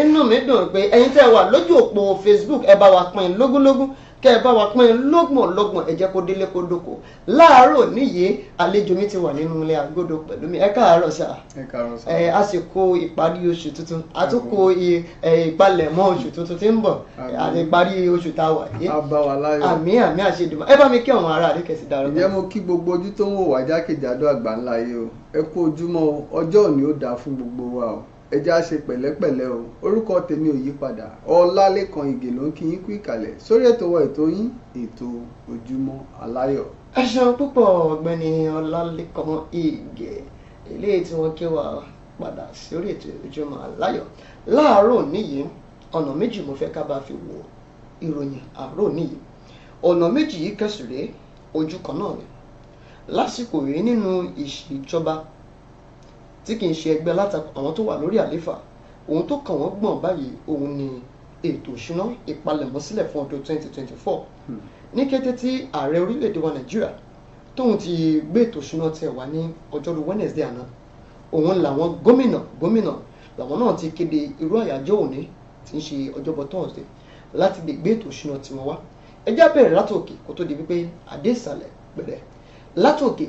inú mi dùn pé ẹ̀yin tẹ́ wà lójú òpó Facebook ẹ bá wa pín lógúnlógún kẹ́ ẹ bá wa pín in lọ́gbọ̀n lọ́gbọ̀n ẹ jẹ́ kó délé kó dóko láàárọ̀ níyìí àlejò mi ti wà nínú ilé agbódo pẹ̀lú mi ẹ káàárọ̀ sà ẹ àsìkò ìparí oṣù tuntun àtúkò ìpalẹ̀mọ́ oṣù tuntun ti ń bọ̀ àti ìparí oṣù tá a wà yìí àmì àmì àṣedùmọ̀ ẹ bá mi kí àwọn ará àríkẹsì dára. ǹjẹ́ mo kí gbogbo ojú tó ń wò wá jákèjádò àgbáńlá yìí o ẹ kú ojúmọ́ ọjọ́ òní ó dáa fún gbogbo wa o ẹ jẹ́ á ṣe pẹ̀lẹ́pẹ̀lẹ́ o orúkọ tèmi ò yí padà ọlálékan ìgè ló ń kí yín kú ìkàlẹ̀ sórí ètò wa ètò yín ètò ojúmọ́ aláyọ̀. ẹ ṣeun púpọ̀ ọ̀gbẹ́ni ọlálékan ìgè eléyìí tí wọ́n ké wa padà sórí ètò ojúmọ́ aláyọ̀ láàárọ̀ níyì ọ̀nà méjì mo fẹ́ ká bá fi wo ìròyìn àárọ̀ níyì ọ̀nà méjì yìí kẹsùrẹ́ ojú kan náà rẹ̀ lásìkò yìí nínú ìṣèjọba tí kì í ṣe ẹgbẹ́ alátakò àwọn tó wà lórí àléfà ohun tó kàn wọ́n gbọ̀n báyìí òun ni ètò ìṣúná ìpalẹ̀mọ́sílẹ̀ fún ọdún 2024 hmm. ní kété tí ààrẹ orílẹ̀-èdè wa nàìjíríà tóun ti gbé ètò ìṣúná tiẹ̀ wá ní ọjọ́rú wednesday àná òun làwọn gómìnà gómìnà làwọn náà ti kéde irú àyájọ́ òní tí ń ṣe ọjọ́bọ thursday láti lè gbé ètò ìṣúná tiwọn wá ẹ bẹ̀rẹ̀ látòkè kó tó di wípé adé ìsàlẹ̀ bẹ̀rẹ̀ látòkè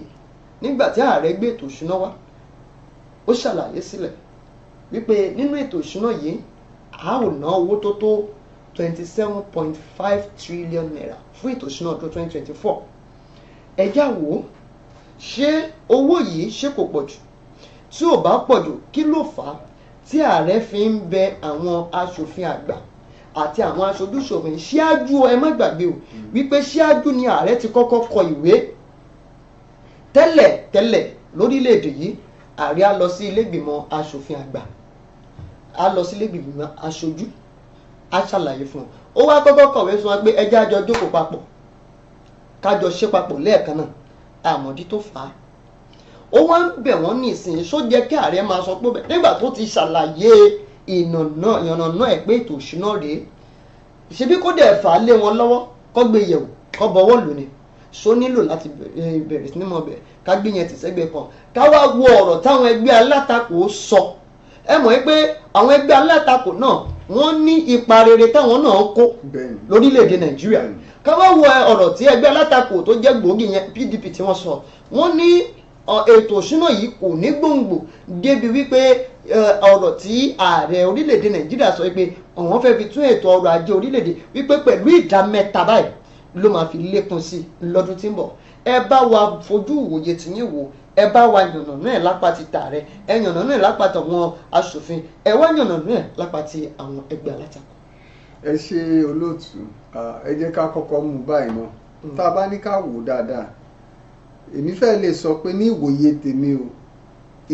nígbà tí ààrẹ gbé ètò ìṣúná wá ó ṣàlàyé sílẹ̀ wípé nínú ètò ìṣúná yìí a ó ná owó tó tó twenty seven point five trillion naira fún ètò ìṣúná ọdún twenty twenty four ẹ já wò ó ṣé owó yìí ṣe kò pọ̀ jù tí ò bá pọ̀ jù kí ló fà á tí ààrẹ fi ń bẹ àwọn aṣòfin àgbà àti àwọn aṣojúṣòfin ṣíájú ẹ má gbàgbé o wípé ṣíájú ni ààrẹ ti kọ́kọ́ kọ ìwé tẹ́lẹ̀ tẹ́lẹ̀ lórílẹ̀‐èdè yìí ààrẹ á lọ sí ilégbìmọ̀ asòfin àgbà á lọ sí ilégbìmọ̀ aṣojú á ṣàlàyé fún wọn ó wá kọ́kọ́ kọ̀wé fún wọn pé ẹjẹ́ àjọ jókòó papọ̀ kájọ ṣe papọ̀ lẹ́ẹ̀kan náà àmọ̀dí tó fà á ó wá ń bẹ̀ wọ́n ní ìsìn só jẹ́ kí ààrẹ máa sọ pé nígbà tó ti ṣàlàyé ìyànnà ẹ̀ pé ètò òṣùná rèé ṣebí kó dẹ̀ fà á lé wọn lọ́wọ́ kó gbé yẹ̀wò kó bọwọ́ lónìí so nílò láti bẹ̀rẹ̀ sí ní mọ̀ bẹ̀rẹ̀ ká gbìyànjú sẹ́gbẹ̀ kan ká wá wo ọ̀rọ̀ táwọn ẹgbẹ́ alátakò sọ ẹ mọ̀ pé àwọn ẹgbẹ́ alátakò náà wọ́n ní ipa rere táwọn náà kó lórílẹ̀‐èdè nàìjíríà ká wá wo ọ̀rọ̀ tí ẹgbẹ́ alátakò tó jẹ́ gbòógì yẹn pdp tí wọ́n sọ wọ́n ní ètò òṣùnà yìí kò ní gbòǹgbò débi wípé ọ̀rọ̀ tí ààrẹ orílẹ̀‐èdè nàìjíríà sọ pé àwọn fẹ́ fi tún ètò ọrọ̀ ajé orílẹ̀‐èdè wípé pẹ̀lú ìdá mẹ́ta báyìí ló máa fi lékun sí lọ́dún tí ń bọ̀ ẹ bá wa fojú ìwòye tìyín wò ẹ bá wa yànnà náà lápá ti tààrẹ ẹ yànnà náà lápá tàwọn aṣòfin ẹ wá yànnà náà lápá ti àwọn ẹgbẹ́ alátakò. ẹ ṣe olóòtú ẹ jẹ́ ká kọ́kọ́ mú báyìí náà mm. tá a bá ní ká wò dáadáa èmi fẹ́ lè sọ pé ní ìwòye tèmi o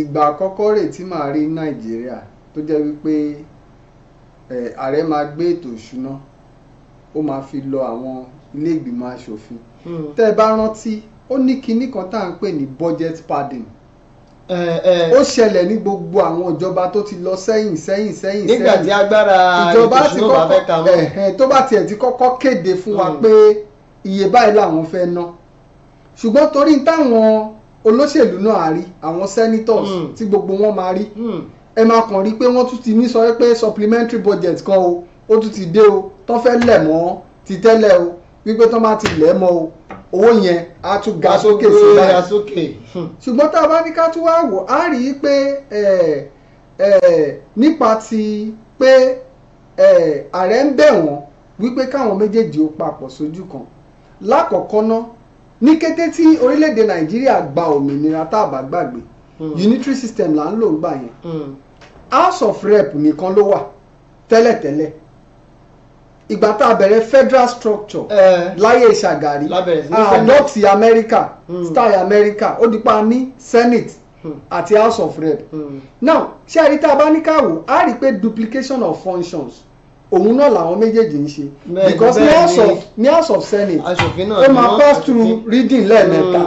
ìgbà àkọ́kọ́ rẹ̀ tí rí nàìjíríà tó jẹ́ wípé ààrẹ máa gbé ètò ìṣúná ó máa fi lọ àwọn ilé ìgbìmọ̀ asòfin hmm. tẹ́ ẹ bá rántí ó ní kinní kan tá à ń pè ní budget padding ó ṣẹlẹ̀ ní gbogbo àwọn ìjọba tó ti lọ sẹ́yìn sẹ́yìn sẹ́yìn sẹ́yìn nígbà tí agbára ìjọsìn náà bá fẹ́ ka wọ́n tó bá tiẹ̀ ti kọ́kọ́ kéde fún wa hmm. pé iye báyìí làwọn fẹ́ ná ṣùgbọ́n torí táwọn olóṣèlú náà rí àwọn senators hmm. tí gbogbo wọn máa rí ẹ máa kàn rí pé wọ́n tún ti ní sọ pé supplementary budget kan o ó tún ti dé o tán fẹ́ lẹ̀ mọ́ ti tẹ́lẹ̀ o wípé tó máa ti lẹ̀ mọ́ o owó yẹn á tún ga sókè sí báyìí hmm. ṣùgbọ́n tá a bá ní ká tún wá wò á rí i pé nípa ti pé ààrẹ ń bẹ̀ wọ́n wípé káwọn méjèèjì ó papọ̀ sójú kan lákọ̀ọ́kọ́ ná ní kété tí orílẹ̀-èdè nàìjíríà gba òmìnira tá a bá gbàgbé hmm. unitary system là ń lò ń gbà yẹn hmm. house of rep nìkan ló wà tẹ́lẹ̀tẹ́lẹ̀ ìgbà tá a bẹ̀rẹ̀ federal structure eh. láyé Ṣàgárì àdọ́tì ah, America hmm. style America. ó pa ní Senate hmm. àti House of Rep hmm. now ṣé àrí tá a bá ní káwò á rí i pé duplication of functions òun náà làwọn méjèèjì ń ṣe because ní house of ní house of senate ó máa pass through reading lẹ́ẹ̀mẹ́ta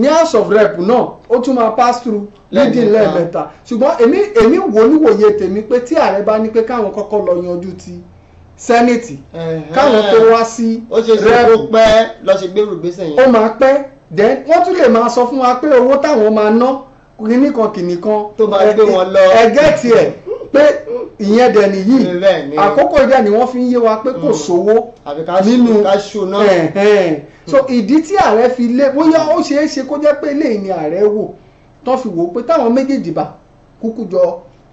ní house of rep náà ó tún máa pass through reading lẹ́ẹ̀mẹ́ta ṣùgbọ́n èmi èmi wò níwòye tèmi pé tí ààrẹ bá ní pé káwọn kọ́kọ́ lọ yanjú ti sẹ́nẹ̀tì káwọn tó wá sí rẹ́ẹ̀pù ó pẹ́ lọ́sẹ̀gbẹ́rù gbèsè yẹn. ó máa pẹ́ then wọ́n tún lè máa sọ fún wa pé owó táwọn máa ná kìíní kan kìíní kan tó máa gbé wọn lọ ẹgẹ́ tiẹ̀ pé ìyẹn dẹ̀ nìyí àkókò ìdá ni wọ́n fi ń yé wa pé kò hmm. sówó nínú so hmm. ìdí tí ààrẹ fi lé bóyá ó ṣeé ṣe kó jẹ́ pé eléyìí ni ààrẹ wò tán fi wò ó pé táwọn méjèèjì bá kúkú jọ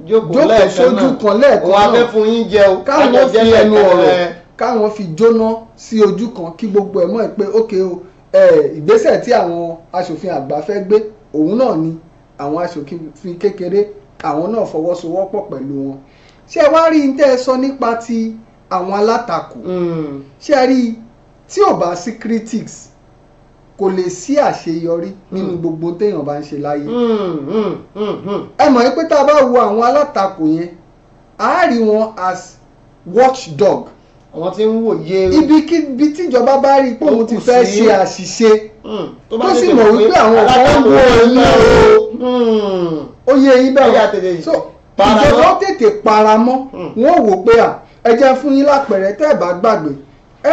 jókòó sójú kan lẹ́ẹ̀kan náà òun afẹ́ fún yín jẹ o káwọn fi ẹnu ọ̀rọ̀ káwọn fi jóná sí ojú kan kí gbogbo ẹ̀ mọ̀ ẹ́ pé ókè o ìgbésẹ̀ tí àwọn aṣòfin àgbà fẹ́ gbé òun náà ni àwọn aṣòfin kékeré àwọn náà fọwọ́sowọ́pọ̀ pẹ̀lú wọn ṣé ẹ wá rí n tẹ́ ẹ sọ nípa ti àwọn alátakò hmm. ṣé ẹ rí tí ò bá sí critics kò lè sí àṣeyọrí nínú hmm. gbogbo téèyàn bá ń ṣe láyé hmm, hmm, ẹ mọ̀ pé tá a bá wo àwọn alátakò yẹn a rí wọn as watchdog àwọn tí ń wòye ibikíbi tíjọba bá rí pé òun ti fẹ́ ṣe àṣìṣe tó sì mọ̀ wípé àwọn kan ń wo ẹ̀yìn o ó yẹ eyín bẹ́ẹ̀ so ìjọba tètè paramọ́ wọn ò wò pé à ẹ jẹ́ fún yín lápẹ̀rẹ̀ tẹ́ ẹ bá gbàgbé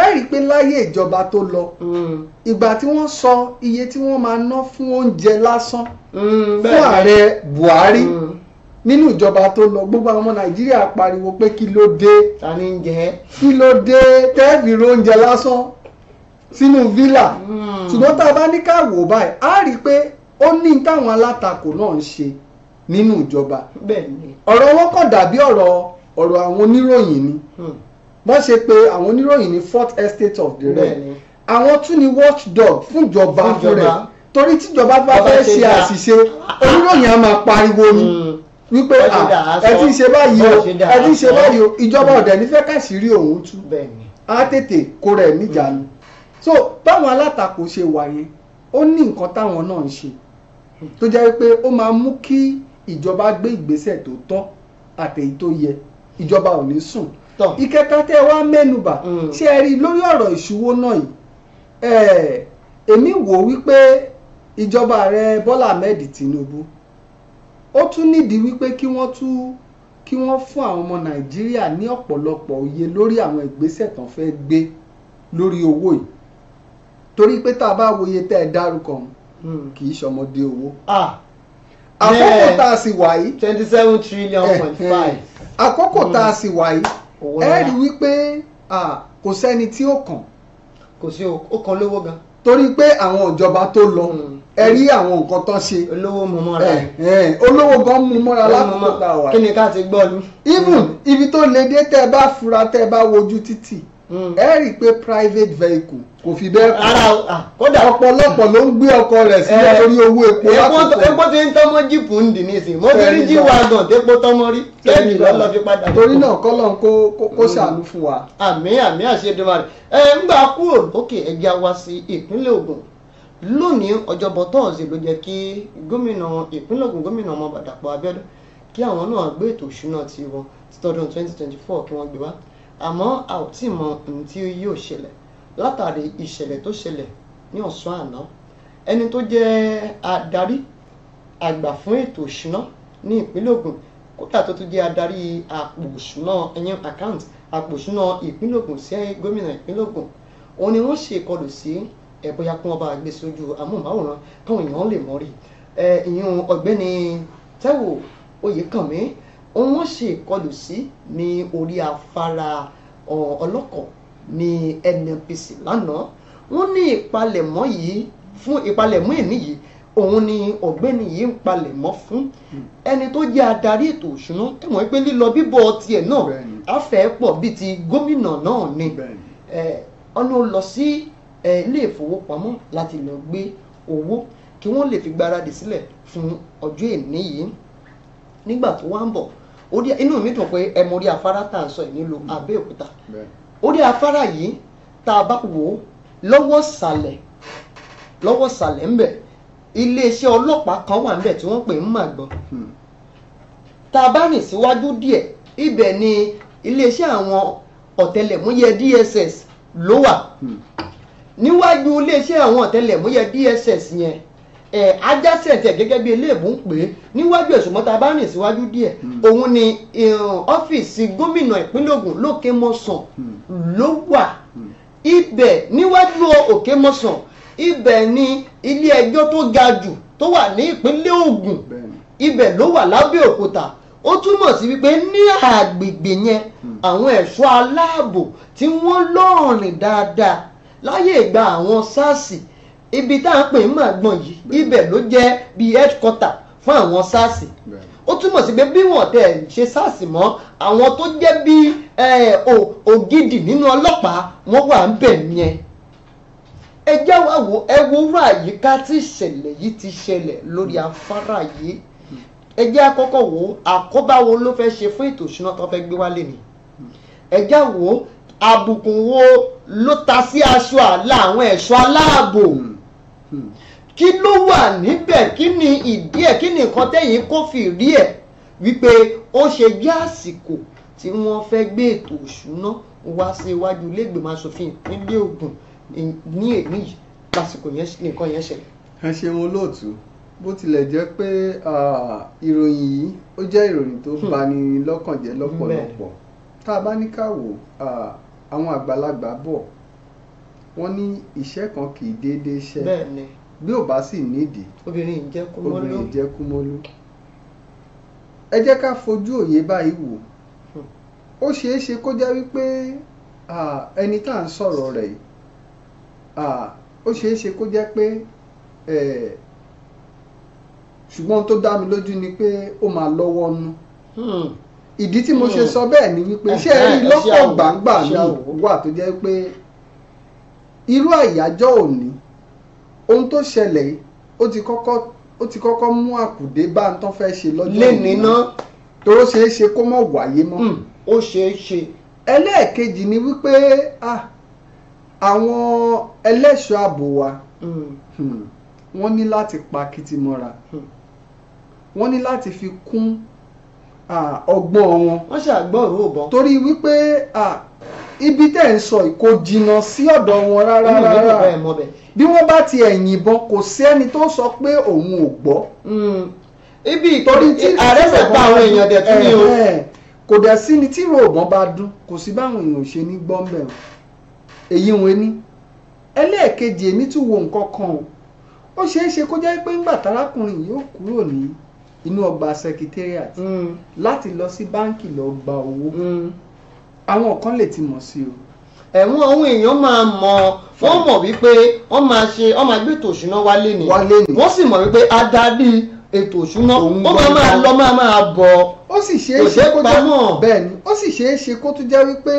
ẹ rí i pé láyé ìjọba tó lọ mm. ìgbà tí wọ́n sọ iye tí wọ́n máa ná fún oúnjẹ lásán mm. fún ààrẹ Buhari mm. nínú ìjọba tó lọ gbogbo àwọn ọmọ Nàìjíríà pariwo pé kí ló dé kí ló dé tẹ́ẹ̀bì oúnjẹ lásán sínú fílà ṣùgbọ́n tá a bá ní ká wò báyìí á rí i pé ó ní táwọn alátakò náà ń ṣe nínú ìjọba ọ̀rọ̀ wọn kàn dàbí ọ̀rọ̀ ọ̀rọ̀ àwọn oníròyìn ni. Hmm bọ́n ṣe pé àwọn oníròyìn ní fourth estate of the realm àwọn tún ni watchdog fúnjọba rẹ̀ torí tíjọba bá fẹ́ ṣe àṣìṣe oníròyìn á máa pariwo ni hmm. wípé ẹ ti ṣe báyìí o ẹ ti ṣe báyìí o ìjọba hmm. ọ̀dẹ̀ nífẹ̀ káṣírí òun tú á tètè kó rẹ̀ níjàánu hmm. so báwọn alátakò ṣe wà yẹn ó ní nǹkan táwọn náà ń ṣe tó jẹ́ pé ó máa mú kí ìjọba gbé ìgbésẹ̀ tó tọ́ àtèyí tó yẹ ìjọba ò ní sùn ìkẹta tẹ wá mẹ́nubà mm. ṣé ẹ rí lórí ọ̀rọ̀ ìṣúwó náà yìí èmi wò wípé ìjọba ààrẹ Bọ́lá Ahmed Tinubu ó tún nídìí wípé kí wọ́n tún kí wọ́n fún àwọn ọmọ Nàìjíríà ní ọ̀pọ̀lọpọ̀ òye lórí àwọn ìgbésẹ̀ tán fẹ́ gbé lórí owó yìí torí pé tá a bá wòye tẹ́ ẹ dárúkọ mm. kì í ṣọmọdé owó. àkókò tá a sì wà yìí. twenty seven trillion point five. àkókò tá a sì wà yìí owó rárá ẹ rí wípé kò sẹ́ni tí ó kàn. kò sí ó kàn lówó gan. torí pé àwọn ìjọba tó lọ hmm. ẹ rí àwọn nǹkan tán ṣe. olówó mú mọ́ra ẹ olówó gan mú mọ́ra lápò tá a wà. kí ni ká ti gbọ́ ni. even hmm. ibi tó le dé tẹ́ ẹ bá fura tẹ́ ẹ bá wojú títì Mm. ẹ rí i pé private vehicle kò fi bẹ́ẹ̀ kú ah, ọ̀pọ̀lọpọ̀ ló ń gbé ọkọ rẹ̀ sílẹ̀ eh, lórí owó epo lákòókò. epo ti ń tọ́mọ jíìpù ń dì nísìnyí mo ti rí jíìpù àgàn tó epo tọ́mọ rí kéèjì ló lọ fi padà. torí náà kọ́lọ́n kó kó mm. ṣàánú fún wa. àmín àmín àṣedùnmá rẹ ẹ ń gbà kúrò lókè ẹja wa sí ìpínlẹ̀ Ògùn lónìí ọjọ́bọ̀ tọ́ọ̀sì ló jẹ́ kí gómìnà ìpínlẹ̀ Ògùn gómìnà ọmọ Dàpọ̀ Abíọ́dún kí àwọn náà gbé ètò ìṣúná tiwọn títọ́dún 2024 kí wọ́n gbé wá àmọ́ a ò tí ì mọ ohun tí yóò ṣẹlẹ̀ látàrí ìṣẹ̀lẹ̀ tó ṣẹlẹ̀ ní ọ̀sán àná ẹni tó jẹ́ adarí àgbà fún ètò ìṣúná ní ìpínlẹ̀ Ògùn kódà tó tún jẹ́ adarí àpò ìṣúná ẹ̀yẹn account àpò ìṣúná ìpínlẹ̀ Ògùn sí gómìnà ìpínlẹ̀ Ògùn òun ni wọ́n ṣe ìkọlù sí ẹ̀ bóyá kí wọ́n bá gbé sójú amóhùnmáwòrán káwọn èèyàn lè mọ̀ rí ìyún ọ̀gbẹ́ni Tẹ́wò Oyèkànmí òun ṣe ìkọlù sí ní orí afárá ọlọ́kọ̀ ní NNPC lánàá wọ́n ní ìpalẹ̀mọ́ yìí fún ìpalẹ̀mọ́ ìní yìí òun ni ọ̀gbẹ́ni yìí ń palẹ̀mọ́ fún ẹni tó jẹ́ adarí ètò òṣùná ẹ̀wọ̀n pé lílọ bíbọ̀ tiẹ̀ náà afẹ́ pọ̀ bíi ti gómìnà náà ni ọ̀nà lọ sí ilé ìfowópamọ́ láti lọ gbé owó kí wọ́n lè fi gbáradì sílẹ̀ fún ọjọ́ ìní yìí nígbà tó wá ń bọ̀ orí inú mi dùn pé ẹ mọ orí afárá tá à ń sọ yìí nílùú mm. Abẹ́òkúta orí afárá yìí tá a bá wò ó lọ́wọ́ sàlẹ̀ lọ́wọ́ sàlẹ̀ ńbẹ̀ iléeṣẹ́ ọlọ́pàá kan wà ńbẹ̀ tí wọ́n pè ń màgbọ́n hmm. tá a bá rìn síwájú díẹ̀ ibẹ̀ ni iléeṣẹ́ àwọn ọ̀tẹlẹ̀múyẹ́ DSS ló wà hmm. níwájú iléeṣẹ́ àwọn ọ̀tẹlẹ̀múyẹ́ DSS yẹn ẹ̀ ajásẹ̀ntì ẹ̀ gẹ́gẹ́ bí eléèbù ń pè é níwájú ẹ̀sùn mọ́ta bá rìn síwájú díẹ̀ hmm. òun ni ọ́fíìsì gómìnà ìpínlẹ̀ Ògùn lókèmọ́sàn hmm. ló wà hmm. ibẹ̀ níwájú òkèmọ́sàn ibẹ̀ ni ilé ẹjọ́ tó ga jù tó wà ní ìpínlẹ̀ Ògùn ibẹ̀ ló wà lábẹ́òkúta ó túmọ̀ sí wípé ní àgbègbè yẹn àwọn ẹ̀ṣọ́ aláàbò tí wọ́n lọ́ọ̀rìn dáadáa láyé ìgbà àwọn SARS ibi tá à ń pè ń mà gbọ̀n yìí ibẹ̀ ló jẹ́ bíi headquarter fún àwọn SARS ó túmọ̀ sí pé bí wọ́n tẹ̀ ṣe SARS mọ́ àwọn tó jẹ́ bíi ògidì nínú ọlọ́pàá wọ́n wà ń bẹ̀ yẹn ẹ jẹ́ wá wo ẹ wo wúrà àyíká tí ìṣẹ̀lẹ̀ yìí ti ṣẹlẹ̀ lórí afárá yìí ẹ jẹ́ àkọ́kọ́ wo àkóbá wo ló fẹ́ ṣe fún ètò ìṣúná tó fẹ́ gbé wálé ni ẹ jẹ́ wo àbùkù wo ló ta sí aṣọ àlà àwọn ẹ̀ṣọ́ aláàbò. Mm Hmm. kí ló wà níbẹ̀ kí ni ìdí ẹ̀ kí ni nǹkan tẹ̀yìn kó fi rí ẹ̀ wípé ó ṣe jẹ́ àsìkò tí wọ́n fẹ́ gbé ètò òṣùná wá sí iwájú ilé ìgbìmọ̀ asòfin ìpínlẹ̀ Ògùn ní èmi yìí lásìkò nìkan yẹn ṣẹlẹ̀. ẹ ṣeun olóòtú bó tilẹ̀ jẹ́ pé ìròyìn yìí ó jẹ́ ìròyìn tó hmm. bani lọ́kàn jẹ́ lọ́pọ̀lọpọ̀ tá a bá ní ká wò àwọn àgbàlagbà bọ̀ wọ́n ní iṣẹ́ kan kì í déédéé ṣẹ́ bí ò bá sì nídìí obìnrin ìjẹ́ kúmọ́lú ẹ jẹ́ ká fojú òye báyìí wò hmm. ó ṣeé ṣe kó jẹ́ wípé ẹni tá à ń sọ̀rọ̀ rẹ̀ yìí ó ṣeé ṣe kó jẹ́ pé ṣùgbọ́n tó dá mi lójú ni pé ó máa lọ́wọ́ nú hmm. ìdí tí mo ṣe hmm. sọ bẹ́ẹ̀ ni wípé ṣé ẹ rí lọ́pọ̀ gbàǹgbà mi wà tó jẹ́ pé irú àyájọ́ òní ohun tó ṣẹlẹ̀ ó ti kọ́kọ́ ó ti kọ́kọ́ mú àkùdé bá ń tán fẹ́ ṣe lọ́jọ́ lẹ́ni náà tóró ṣeé ṣe kó mọ̀ wáyé mọ́ hmm, ó ṣeé ṣe. ẹlẹ́ẹ̀kejì ni wípé àwọn ẹlẹ́ṣọ́ ààbò wa hmm. Hmm, wọ́n ní láti pa kìtì mọ́ra wọ́n ní láti fi kún ọgbọ́n wọn. wọ́n ṣàgbọ́n òru ò torí wípé ibi tẹ́ ń sọ kò jìnnà sí ọ̀dọ̀ wọn rárá rárá bí wọ́n bá ti ẹ̀yìn bọn kò sí ẹni tó sọ pé òun ò gbọ́. Hmm. ibi ìtọ́jú tí ààrẹ fẹ́ pa àwọn èèyàn dẹ̀ tún ní o. Eh, eh. kò dẹ̀ sí ni tí rògbọ́n bá dún kò sí báwọn èèyàn ò ṣe ní gbọ́n bẹ̀ o èyí wọn ni ẹlẹ́ẹ̀kejì èmi tún wo nǹkan kan o ó ṣeé ṣe kó jẹ́ pé ńgbà tarákùnrin yìí kúrò ní inú ọgbà secretariat hmm. láti lọ sí báńkì lọ gba owó. Hmm àwọn kan lè ti mọ̀ sí o. ẹ̀wọ̀n àwọn èèyàn máa mọ̀ wọ́n mọ̀ wípé wọ́n máa ṣe wọ́n máa gbé ètò òṣùná wálé ni wọ́n sì mọ̀ wípé adarí ètò òṣùná ó máa máa lọ máa máa bọ̀ ó sì ṣe é ṣe kó jẹ́ bẹ́ẹ̀ ni ó sì ṣe é ṣe kó tún jẹ́ wípé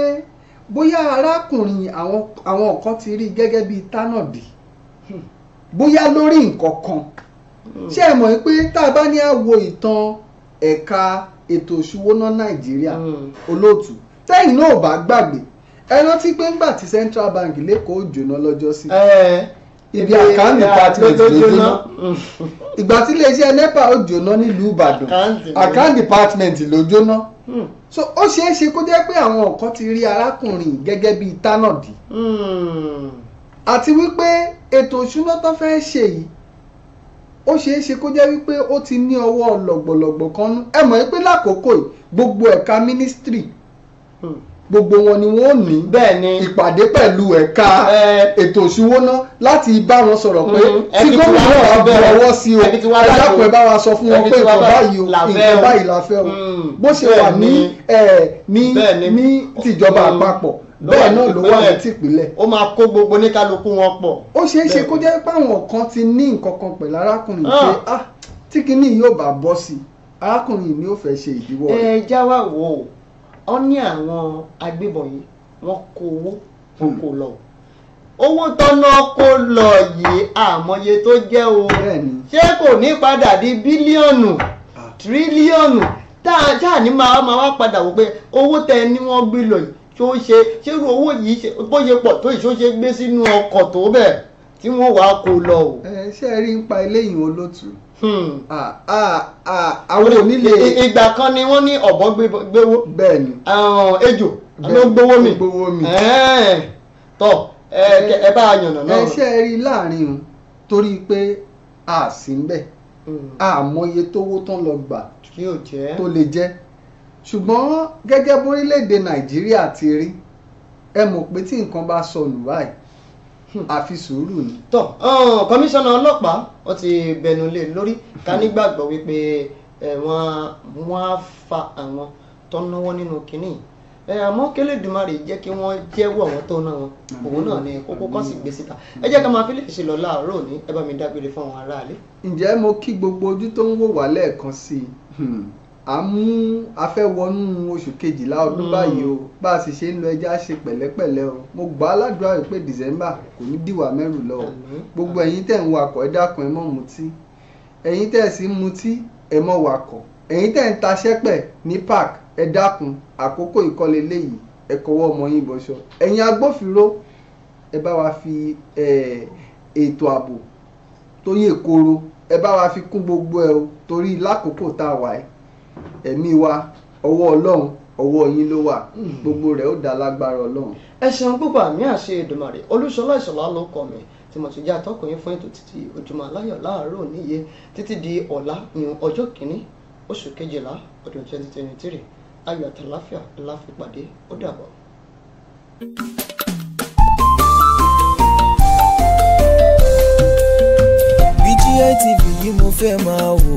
bóyá arákùnrin àwọn kan ti rí gẹ́gẹ́ bíi tánàdì bóyá lórí nǹkan kan hmm. ṣé ẹ mọ̀ pé tá a bá ní àwo ìtàn ẹ̀ka ètò ìṣúwóná nàìjíríà hmm. olóòtú tẹ́yìn náà ò bá gbàgbé ẹ rántí pé ńgbà tí central bank lẹ́kọ̀ọ́ jóná lọ́jọ́ sí ibi àkáǹtì department ló jóná ìgbà tí iléeṣẹ́ nepa ó jóná nílùú ìbàdàn àkáǹtì department ló jóná hmm. so ó ṣeé ṣe kó jẹ́ pé àwọn nǹkan ti rí arákùnrin gẹ́gẹ́ bíi tánàdì hmm. àti wípé ètò ìṣúná tó fẹ́ ṣe yìí ó ṣeé ṣe kó jẹ́ wípé ó ti ní ọwọ́ lọ̀gbọ̀lọ̀gbọ̀ kan nú ẹ mọ̀ pé lákòókò yìí gbogbo ẹ̀ka mínísítírì gbogbo wọn ni wọn ò ní ìpàdé pẹ̀lú ẹ̀ka ètò ìṣúwóná láti bá wọn sọ̀rọ̀ pé mm-hmm. tí gómìnà wa bọ̀ ọwọ́ sí o ẹ̀dàpọ̀ ẹ̀ bá wa sọ fún wọn pé nǹkan báyìí o nǹkan báyìí la fẹ́ o mm-hmm. bó ṣe wà ní ní tìjọba mm-hmm. àpapọ̀ bẹ́ẹ̀ náà ló wà ní tìpínlẹ̀. ó máa kó gbogbo oníkálukú wọn pọ̀. ó ṣeé ṣe kó jẹ́ páwọn kan ti ní nǹkan kan pẹ̀lú arákùnrin ah. pé ah tí kinní yóò bá bọ́ sí arákùnrin ni ó fẹ́ ṣe ìdíwọ́ rẹ̀. ẹ já wá wò ó ọ ní àwọn agbébọn yìí wọ́n kó owó wọn kó lọ owó tọ́nà kó lọ yìí àmọye tó jẹ́ o ṣé kò ní padà di bílíọ̀nù ah. tírílíọ̀nù táà ní máa máa wá padà wò pé owó tẹ ni wọ́n gbé lọ yìí tó ṣe ṣérú owó yìí bó ṣe pọ̀ tó ìṣó ṣe gbé sínú ọkọ̀ tó bẹ̀ tí wọ́n wàá kó lọ o. ẹ ṣe rí ń pa eléyìí olótùú Hmm. Ah, ah, ah, àwọn onílé. ìgbà kan ni wọ́n ní ọ̀bọ gbéwó. bẹ́ẹ̀ni. ejò ló gbowó mi. gbowó mi. tọ ẹ bá a yànnà náà. ẹ ṣe é rí láàrin o torí pé a sì ń bẹ̀ àmọye hmm. tówó tán lọ gbà tó lè jẹ́ ṣùgbọ́n gẹ́gẹ́ bórílẹ̀‐èdè nàìjíríà ti rí ẹ mọ̀ pé tí nǹkan bá sọnù báyìí àfi hmm. sùúrù ni. tọ kọmíṣánná ọlọ́pàá wọ́n ti bẹnu lé lórí ká nígbàgbọ́ wípé wọ́n á fa àwọn tó náwó nínú kínní ẹ àmọ́ k'Ẹlẹ́dùmarè jẹ́ kí wọ́n jẹ́wọ́ àwọn tó ná wọn òun náà ni kókó kan sì gbé síta ẹ jẹ́ ká máa fi lè ṣe lọ láàárọ̀ òní ẹ bá mi dágbére fún àwọn aráalé. ǹjẹ́ mo kí gbogbo ojú tó ń wò wá lẹ́ẹ̀kan sí i hmm a mú a fẹ́ wọnú oṣù kejìlá ọdún hmm. báyìí o bá a sì ṣe ń lọ ẹja ṣe pẹ̀lẹ́pẹ̀lẹ́ o mo gbà á ládùúrà rẹ̀ pé december kò ní dìwà mẹ́rù lọ o gbogbo ẹ̀yin tẹ̀ ń wakọ̀ ẹ dákun ẹ mọ̀ mutí ẹ̀yin tẹ̀ sí mutí ẹ mọ̀ wakọ̀ ẹ̀yin tẹ̀ ń taṣẹ́pẹ̀ ní park ẹ dákun àkókò ìkọlẹ̀ léyìí ẹ kọwọ́ ọmọ yín bọṣọ ẹ̀yin agbófinró ẹ bá wa fi ètò ààbò tó yè koro ẹ bá wa fi kún gbogbo ẹ o torí lákòókò tá a wà yìí ẹ̀mí wa ọwọ́ ọlọ́run ọwọ́ yín ló wà hmm. gbogbo rẹ̀ ó dá lágbára ọlọ́run. ẹ ṣeun púpọ̀ àmì àṣẹ Èdùmàrè Olúṣọlá Ìṣọ̀lá ló kọ mi tí mo ti jẹ́ atọ́kùnrin fún ètò títí ojúmọ́ aláyọ̀ láàárọ̀ níye títí di ọ̀la ní ọjọ́ kìíní oṣù kejìlá ọdún twenty twenty three ayọ̀ àtàláfíà la ó dàbọ̀. thank you BGI TV yìí mo fẹ́ máa wò